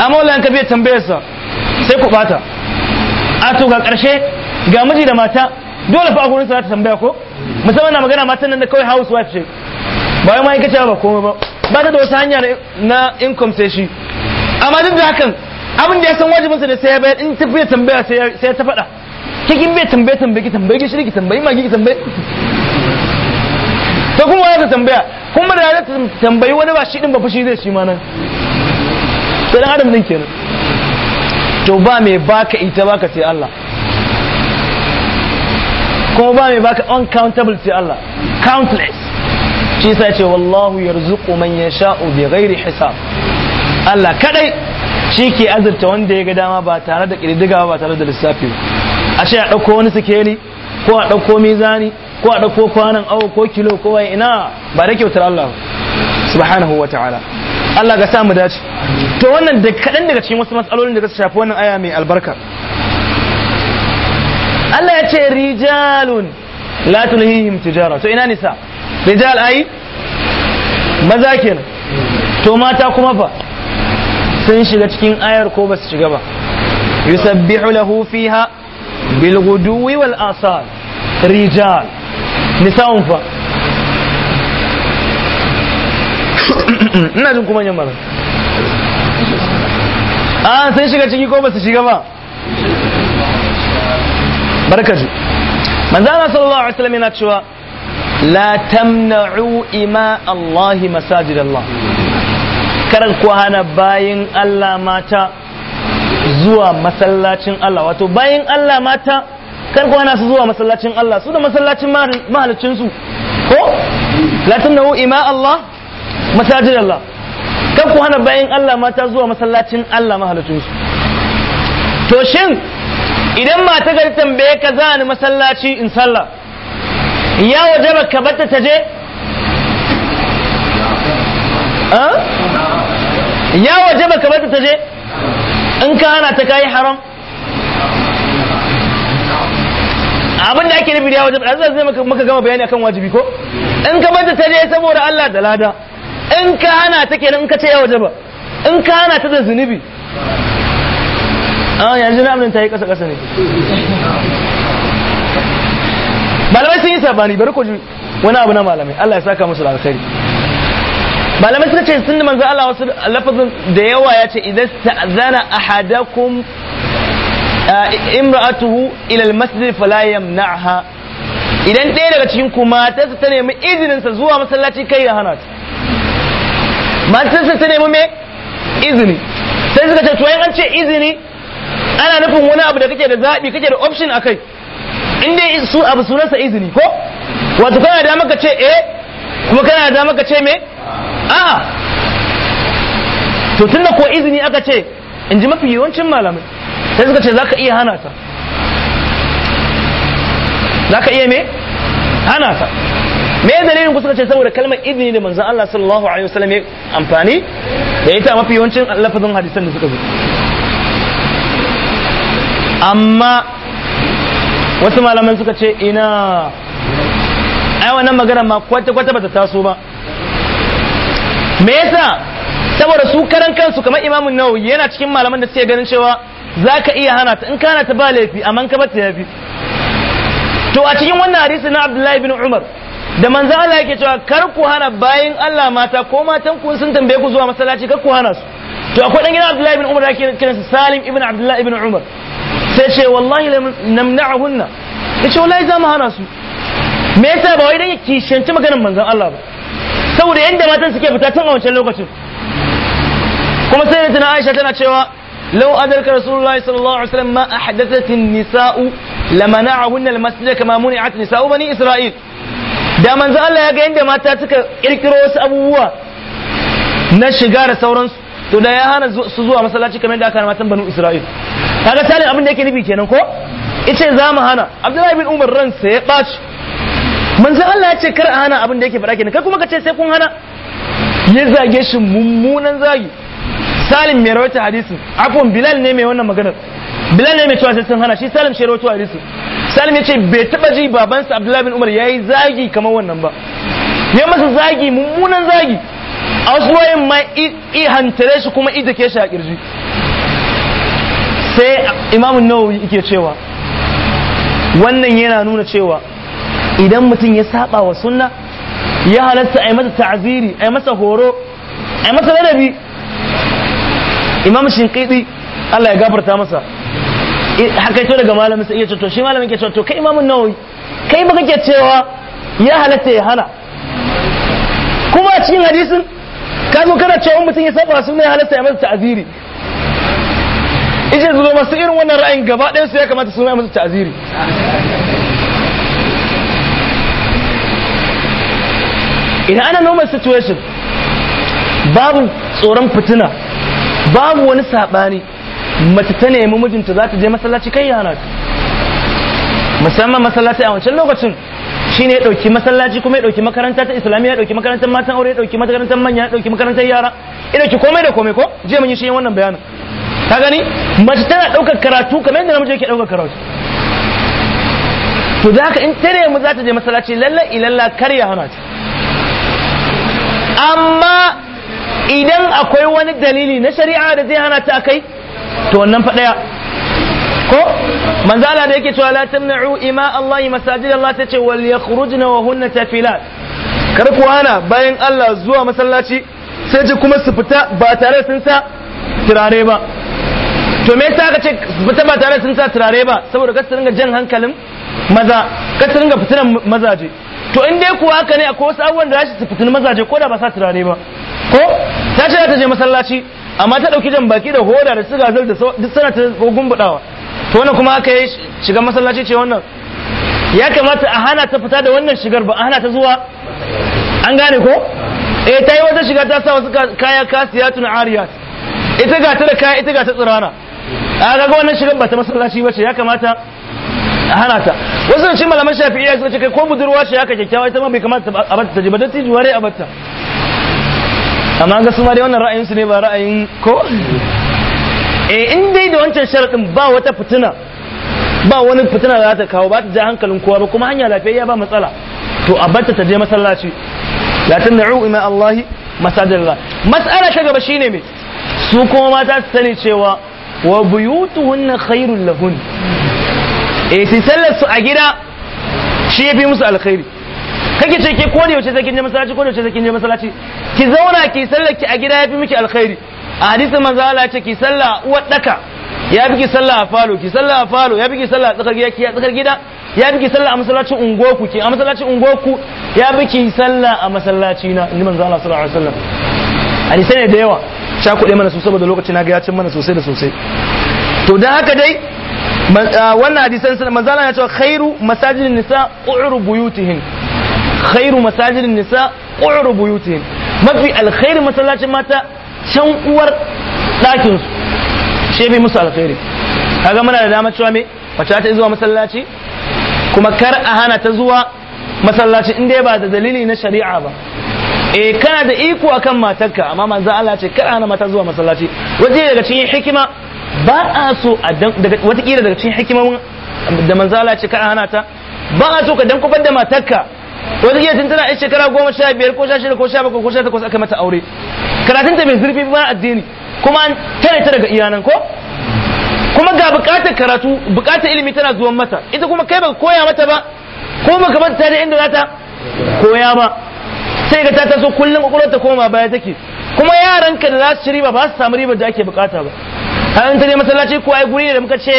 S1: amma wala ka biya tambayarsa sai ku bata a to ga karshe ga miji da mata dole fa a gurin sa ta tambaya ko musamman na magana matan nan da kawai wife ce ba wai kace ba komai ba ba ta da wata hanya na income sai shi amma duk da hakan abin da ya san wajibinsa ne sai ya bayar in ta biya tambaya sai ya ta faɗa kikin bai tambaye tambaye ki tambaye ki shirki ki tambaye magi ki tambaye to kuma ya ka tambaya kuma da ya tambayi wani ba shi din ba fushi zai shi ma nan sai dan adam din kenan to ba mai baka ita baka sai Allah kuma ba mai baka uncountable sai Allah countless shi sai ce wallahu yarzuqu man yasha'u ghairi hisab Allah kadai shi ke azurta wanda ya ga dama ba tare da ƙididdiga ba tare da lissafi ba a ce a ɗauko wani sikeli ko a ɗauko mizani ko a ɗauko kwanan awo ko kilo ko wai ina ba da kyautar Allah subhanahu wa ta'ala Allah ga samu dace to wannan da kaɗan daga cikin wasu matsalolin da su shafi wannan aya mai albarka Allah ya ce rijalun la tulhihim tijara to ina nisa rijal ai maza kenan to mata kuma fa sun shiga cikin ayar ko ba su shiga ba yusabbihu lahu fiha bil wal asal rijal nisa'un fa ina jin kuma yin mara a ah, sun shiga ciki ko ba su shiga ba barkaji manzana sallallahu alaihi wasallam yana cewa la tamna'u ima Allah masajid Allah karar ku hana bayin Allah mata zuwa masallacin Allah wato bayin Allah mata kar ku hana su zuwa masallacin Allah su da masallacin mahalicin su ko la tanahu ima Allah masajid Allah kar ku hana bayan Allah mata zuwa masallacin Allah mahalicin su to shin idan mata ga tambaye ka za ni masallaci in sallah ya waje ka bata ta je ya wajaba ka bata ta je in ka hana ta kai haram abin da ake nufi da wajibi an zai maka gama bayani akan wajibi ko in ka bata ta je saboda Allah da lada in ka hana ta kenan in ka ce ya wajaba in ka hana ta da zunubi a ah, yanzu na amin ta yi kasa kasa ne malamai sun yi sabani bari ku ji wani abu na malamai Allah ya saka musu alkhairi malamai suka ce sun manzo Allah wasu lafazin da yawa ya ce idan sta'zana ahadakum imra'atuhu ila almasjid fala yamna'ha idan ɗaya daga cikin ku matarsa ta nemi izinin sa zuwa masallaci kai ya hana ta matarsa ta nemi me izini sai suka ce to an ce izini ana nufin wani abu da kake da zabi kake da option akai in dai su abu sunansa izini ko wato kana da maka ce eh kuma kana da maka ce me a'a to tunda ko izini aka ce in ji mafi yawancin malamai sai suka ce za ka iya hana ta za ka iya me hana ta me dalilin ku suka ce saboda kalmar izini da manzon Allah sallallahu alaihi wasallam ya amfani da ita mafi yawancin lafazin hadisan da suka zo amma wasu malaman suka ce ina ai wannan magana ma kwata kwata bata taso ba me yasa saboda su karan kansu kamar imamun nawawi yana cikin malaman da suke ganin cewa za ka iya hana ta in kana ta ba laifi amma ka ta yafi to a cikin wannan hadisi na abdullahi bin umar da manzo Allah yake cewa kar ku hana bayin Allah mata ko matan ku sun tambaye ku zuwa masallaci kar ku hana su to akwai dan gidan Abdullahi bin Umar da yake kiransa Salim ibn Abdullahi ibn Umar sai ce wallahi namna'ahunna ce wallahi za mu hana su me yasa ba wai dan ya kishanci maganar manzan Allah ba saboda yanda matan suke fita tun a wancan lokacin kuma sai tana Aisha tana cewa لو أدرك رسول الله صلى الله عليه وسلم ما أحدثت النساء لمنعهن المسجد كما منعت نساء بني إسرائيل da manzo Allah ya ga inda mata suka kirkiro wasu abubuwa na shiga da sauransu to da ya hana su zuwa masallaci kamar da aka hana matan banu Isra'il kaga talin abin da yake nufi kenan ko yace za mu hana Abdullahi bin Umar ransa ya baci manzo Allah ya ce kar a hana abin da yake faɗa kenan kai kuma ka ce sai kun hana ya zage shi mummunan zagi salim mai rawaita hadisin afon bilal ne mai wannan maganar bilal ne mai cewa sai sun hana shi salim shi rawaito hadisin salim ya ce bai taba ji babansa abdullahi bin umar yi zagi kamar wannan ba ya masa zagi mummunan zagi a wasu ruwayin ma i hantare shi kuma i ke shi a kirji sai imamun nawawi yake cewa wannan yana nuna cewa idan mutum ya saba wa sunna ya halatta a yi masa ta'ziri a yi masa horo a yi masa ladabi imam shinkidi Allah ya gafarta masa haka to daga malamin sai ya ce to shi malamin ke cewa to kai imamun nawawi kai ba kake cewa ya halatta ya hana kuma a cikin hadisin ka zo kana cewa mutum ya saba sun ya halatta ya masa ta'ziri ije zuwa masu irin wannan ra'ayin gaba ɗaya su ya kamata su ya masa ta'ziri idan ana normal situation babu tsoron fitina babu wani saɓani mace ta nemi mijinta za ta je masallaci kai yana musamman masallaci a wancan lokacin shine ya dauki masallaci kuma ya dauki makaranta ta islamiyya ya dauki makarantar matan aure ya dauki makarantar manya ya dauki makarantar yara ya dauki komai da komai ko je mun yi shi wannan bayanin ka gani mace tana daukar karatu kamar yadda namiji yake daukar karatu to za haka in tare mu za ta je masallaci lalla ilalla kar ya hana ta amma idan akwai wani dalili na shari'a da zai hana ta kai to wannan fa daya ko manzala da yake cewa la tamna'u ima Allah masajid Allah ce wal yakhrujna wa hunna tafilat kar ku hana bayan Allah zuwa masallaci sai ji kuma su fita ba tare sun sa turare ba to me yasa ka ce fita ba tare sun sa turare ba saboda ka su jan hankalin maza ka su ringa fitinan mazaje to in dai kuwa haka ne akwai wasu abubuwan da za su fitin mazaje ko da ba sa turare ba ko ta ce ta je masallaci amma ta dauki jan baki da hoda da siga zai da duk sana ta gumbudawa to wannan kuma aka yi shiga masallaci ce wannan ya kamata a hana ta fita da wannan shigar ba a hana ta zuwa an gane ko eh ta yi wata shiga ta sa wasu kaya kasiyatun ariyat ita ga ta da kaya ita ga ta tsirana a ga wannan shigar ba ta masallaci ba ce ya kamata a hana ta wasu cin malaman shafi'iyya suka ce kai ko budurwa ce haka kyakkyawa ita ma bai kamata a bata ta ji ba don tijuwa a bata amma ga su ma dai wannan ra'ayin su ne ba ra'ayin ko eh in dai da wancan sharadin ba wata fitina ba wani fitina za ta kawo ba ta ja hankalin kowa ba kuma hanya lafiya ba matsala to a barta ta je masallaci la tan'u ima Allah masajidallah mas'ala ta gaba shine me su kuma mata su sani cewa wa buyutuhunna khairul lahun eh su sallar su a gida shi yafi musu alkhairi kake ce ke kodi yaushe sai kin je masallaci kodi yaushe sai kin je masallaci ki zauna ki sallar ki a gida yafi miki alkhairi a hadisin manzo Allah ce ki sallah uwar daka ya fi ki sallah a falo ki sallah a falo ya fi ki sallah a tsakar gida ki tsakar gida ya fi ki sallah a masallacin ungoku ki a masallacin ungoku ya fi ki sallah a masallaci na inda manzo Allah sallallahu alaihi wasallam hadisai ne da yawa sha kuɗe mana su saboda lokaci na ga ya cin mana sosai da sosai to dan haka dai wannan hadisan sun manzala ya ce khairu masajidin nisa u'ru buyutihin khairu masajidin nisa quru buyutin mafi alkhairu masallacin mata can uwar dakin su bi musu alkhairi kaga muna da dama cewa me mace ta zuwa masallaci kuma kar a hana ta zuwa masallaci in dai ba da dalili na shari'a ba eh kana da iko akan matarka amma manzo Allah ce kar a hana mata zuwa masallaci waje daga cikin hikima ba a so a daga wata daga cikin hikimomin da manzo Allah ce kar a hana ta ba a so ka dan kufar da matarka zai yi tuntuna tana shekara goma sha biyar ko sha shida ko sha bakwai ko sha takwas aka mata aure karatun ta mai zurfi ba addini kuma an tare ta daga iyanan ko kuma ga bukatar karatu bukatar ilimi tana zuwan mata ita kuma kai baka koya mata ba ko baka bar ta da inda za ta koya ba sai ga ta so kullum kokolwar ta koma baya take kuma ka da za su ci riba ba su samu ribar da ake bukata ba an ta masallaci ko ai guri da muka ce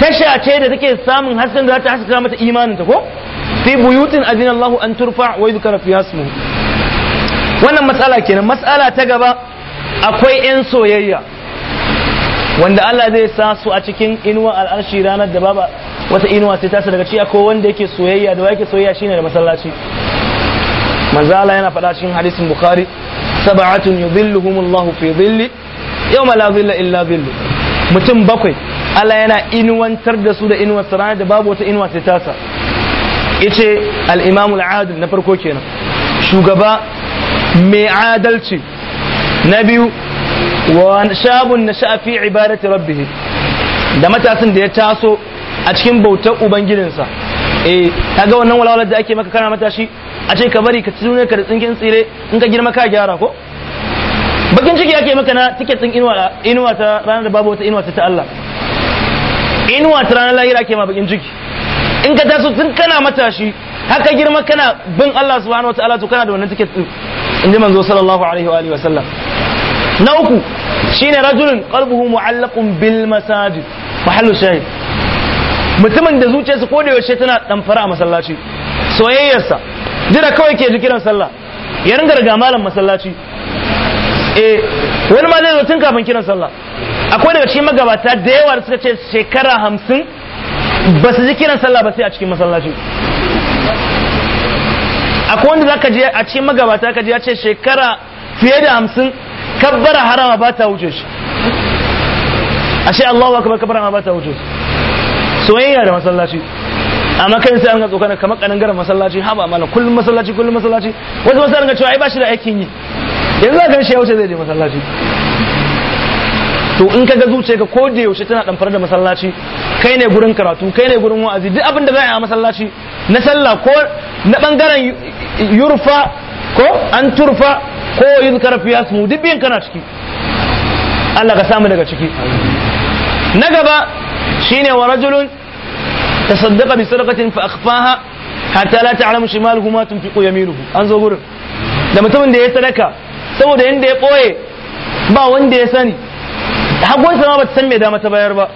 S1: tasha ce da take samun hasken da za ta haskaka mata imaninta ko fi buyutin azina Allah an turfa wa yuzkara fiha wannan matsala kenan matsala ta gaba akwai yan soyayya wanda Allah zai sa su a cikin inuwa al'arshi ranar da baba wata inuwa sai tasa daga ci ko wanda yake soyayya da yake soyayya shine da masallaci manzala yana faɗa cikin hadisin bukhari sab'atun Allah fi dhilli yawma la dhilla illa dhillu mutum bakwai Allah yana inuwantar da su da inuwar ranar da babu wata inuwa sai tasa yace al-imam al-adil na farko kenan shugaba mai adalci na biyu wa shabun nasha'a fi ibadati rabbih da matasin da ya taso a cikin bautar ubangijinsa eh kaga wannan walwalar da ake maka kana matashi a ce ka bari ka tsune ka da tsinkin tsire in ka girma ka gyara ko bakin ciki ake maka na tiket din inuwa inuwa ta ranar da babu wata inuwa ta Allah inuwa ta ranar lahira ake ma bakin ciki in ka taso tun kana matashi haka girma kana bin Allah subhanahu wataala to kana da wannan ticket din in ji manzo sallallahu alaihi wa alihi wa sallam na uku shine rajulun qalbuhu mu'allaqun bil masajid mahallu shay mutumin da zuciyarsa ko da yaushe tana damfara a masallaci soyayyarsa jira kawai ke ji kiran sallah ya ringa riga malam masallaci eh wani ma zai zo tun kafin kiran sallah akwai daga cikin magabata da yawa da suka ce shekara hamsin ba su ji kiran sallah ba sai a cikin masallaci akwai wanda zaka je a cikin magabata ka je ya ce shekara fiye da hamsin kabbara harama ba ta wuce shi ashe Allahu akbar kabbara ma ba ta wuce soyayya da masallaci amma kai sai an ga tsokana kamar gara masallaci haba malam kullum masallaci kullum masallaci wasu masallaci ga cewa ai ba shi da aikin yi yanzu za shi ya wuce zai je masallaci to in ka kaga zuciyarka ko da yaushe tana damfar da masallaci kai ne gurin karatu kai ne gurin wa'azi duk abin da za a yi a masallaci na sallah ko na bangaren yurfa ko an turfa ko yuzkar fi su duk biyan kana ciki Allah ka samu daga ciki na gaba shine wa rajulun tasaddaqa bi sadaqatin fa akhfaha hatta la ta'lamu shimaluhu ma tunfiqu yaminuhu an zo gurin da mutumin da ya sadaka saboda yanda ya boye ba wanda ya sani hagun sama ba ta san me dama ta bayar ba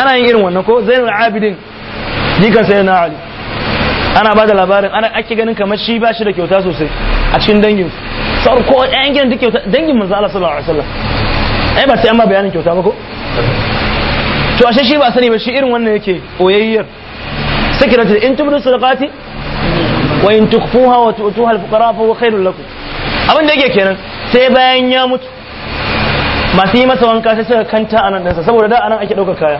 S1: ana yin irin wannan ko zainul abidin jikan sai na ali ana ba da labarin ana ake ganin kamar shi ba shi da kyauta sosai a cikin dangin sauran ko ɗayan gidan duk kyauta dangin manzo Allah sallallahu alaihi wasallam ai ba sai an ba bayanin kyauta ba ko to ashe shi ba sani ba shi irin wannan yake oyayyar sakiratu in tubdu sadaqati wa in tukhfuha wa tu'tuha al-fuqara fa huwa khairul lakum abin da yake kenan sai bayan ya mutu masu yi masa wanka sai suka kanta a nan ɗansa saboda da a nan ake ɗaukar kaya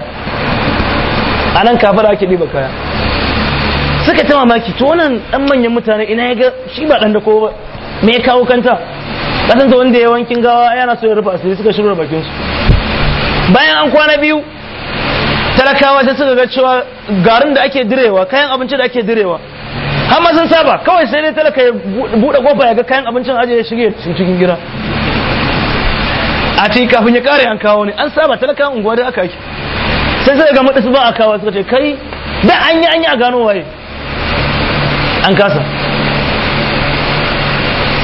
S1: a nan kafaɗa ake ɗiba kaya suka ta mamaki to wannan ɗan manyan mutane ina ya ga shi ba ɗan da kowa ba me ya kawo kanta kasanta wanda ya wankin gawa yana so ya rufe asiri suka shirya bakin su bayan an kwana biyu talakawa sai suka ga cewa garin da ake direwa kayan abinci da ake direwa har sun saba kawai sai dai talaka ya buɗe kofa ya ga kayan abincin aje ya shige cikin gida a ce kafin ya kare an kawo ne an saba talaka unguwa da aka yi sai sai ga madasu ba a kawo suka ce kai da an yi an yi a gano waye an kasa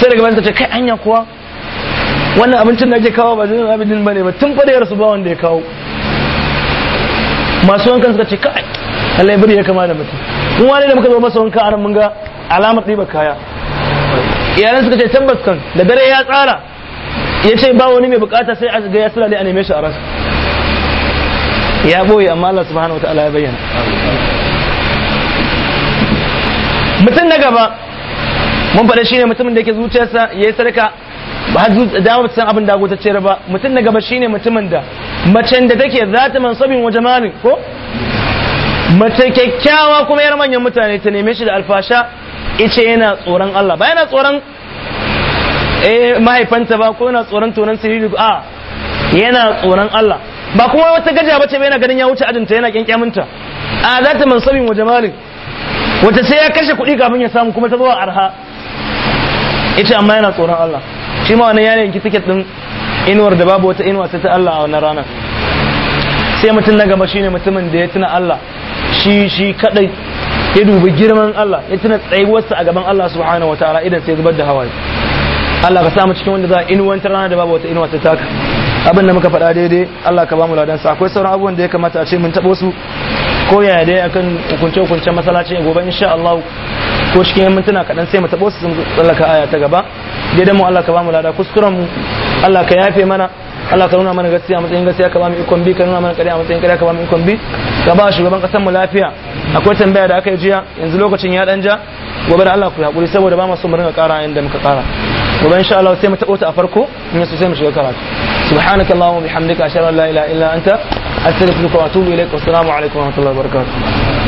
S1: sai daga bayan ce kai anya kuwa wannan abincin da ake kawo ba zai din bane ba tun fadayar su ba wanda ya kawo masu wankan suka ce kai Allah bari ya kama da mutum kuma wani da muka zo masa wanka a mun ga alamar ɗiba kaya iyalan suka ce tabbas kan da dare ya tsara ya ce ba wani mai bukata sai a ga ya sulale a neme shi a rasa ya boye amma Allah subhanahu ta'ala ya bayyana mutum na gaba mun faɗa shine mutumin da yake zuciyarsa yayi sarka ba har dama san abin da ta ce ba mutum na gaba shine mutumin da macen da take zata mansabin wa jama'in ko mace kyakkyawa kuma yar manyan mutane ta neme shi da alfasha ice yana tsoron Allah ba yana tsoron eh mahaifanta ba ko yana tsoron tonon sirri a yana tsoron Allah ba kuma wata gaja bace ba yana ganin ya wuce ajinta yana kyankyaminta a za ta mansabin wa jamalin wata sai ya kashe kuɗi kafin ya samu kuma ta zuwa arha ita amma yana tsoron Allah shi ma wani yanayin yanki tiket din inuwar da babu wata inuwa sai ta Allah a wannan ranar sai mutum na gaba shine mutumin da ya tuna Allah shi shi kadai ya dubi girman Allah ya tuna tsayuwarsa a gaban Allah subhanahu wataala idan sai zubar da hawaye Allah ka samu cikin wanda za a inuwantar rana da babu wata inuwa ta taka abin da muka faɗa daidai Allah ka bamu ladan sa akwai sauran abubuwan da ya kamata a ce mun taɓo su ko yaya dai akan hukunce hukunce masalaci gobe insha Allah ko cikin 'yan mintuna kaɗan sai mu taɓo su tsallaka aya ta gaba daidan mu Allah ka bamu ladan kuskuren mu Allah ka yafe mana Allah ka nuna mana gaskiya a matsayin gaskiya ka ba mu ikon bi ka nuna mana ƙarya a matsayin ƙarya ka ba mu ikon bi ka ba shugaban kasar mu lafiya akwai tambaya da aka yi jiya yanzu lokacin ya ɗan ja gobe da Allah ku hakuri saboda ba mu so mu ringa ƙara inda muka ƙara gobe insha Allah sai mu taɓo ta a farko in yaso sai mu shiga karatu subhanaka allahumma bihamdika ashhadu an la ilaha illa anta astaghfiruka wa atubu ilaik wa assalamu alaikum wa rahmatullahi wa barakatuh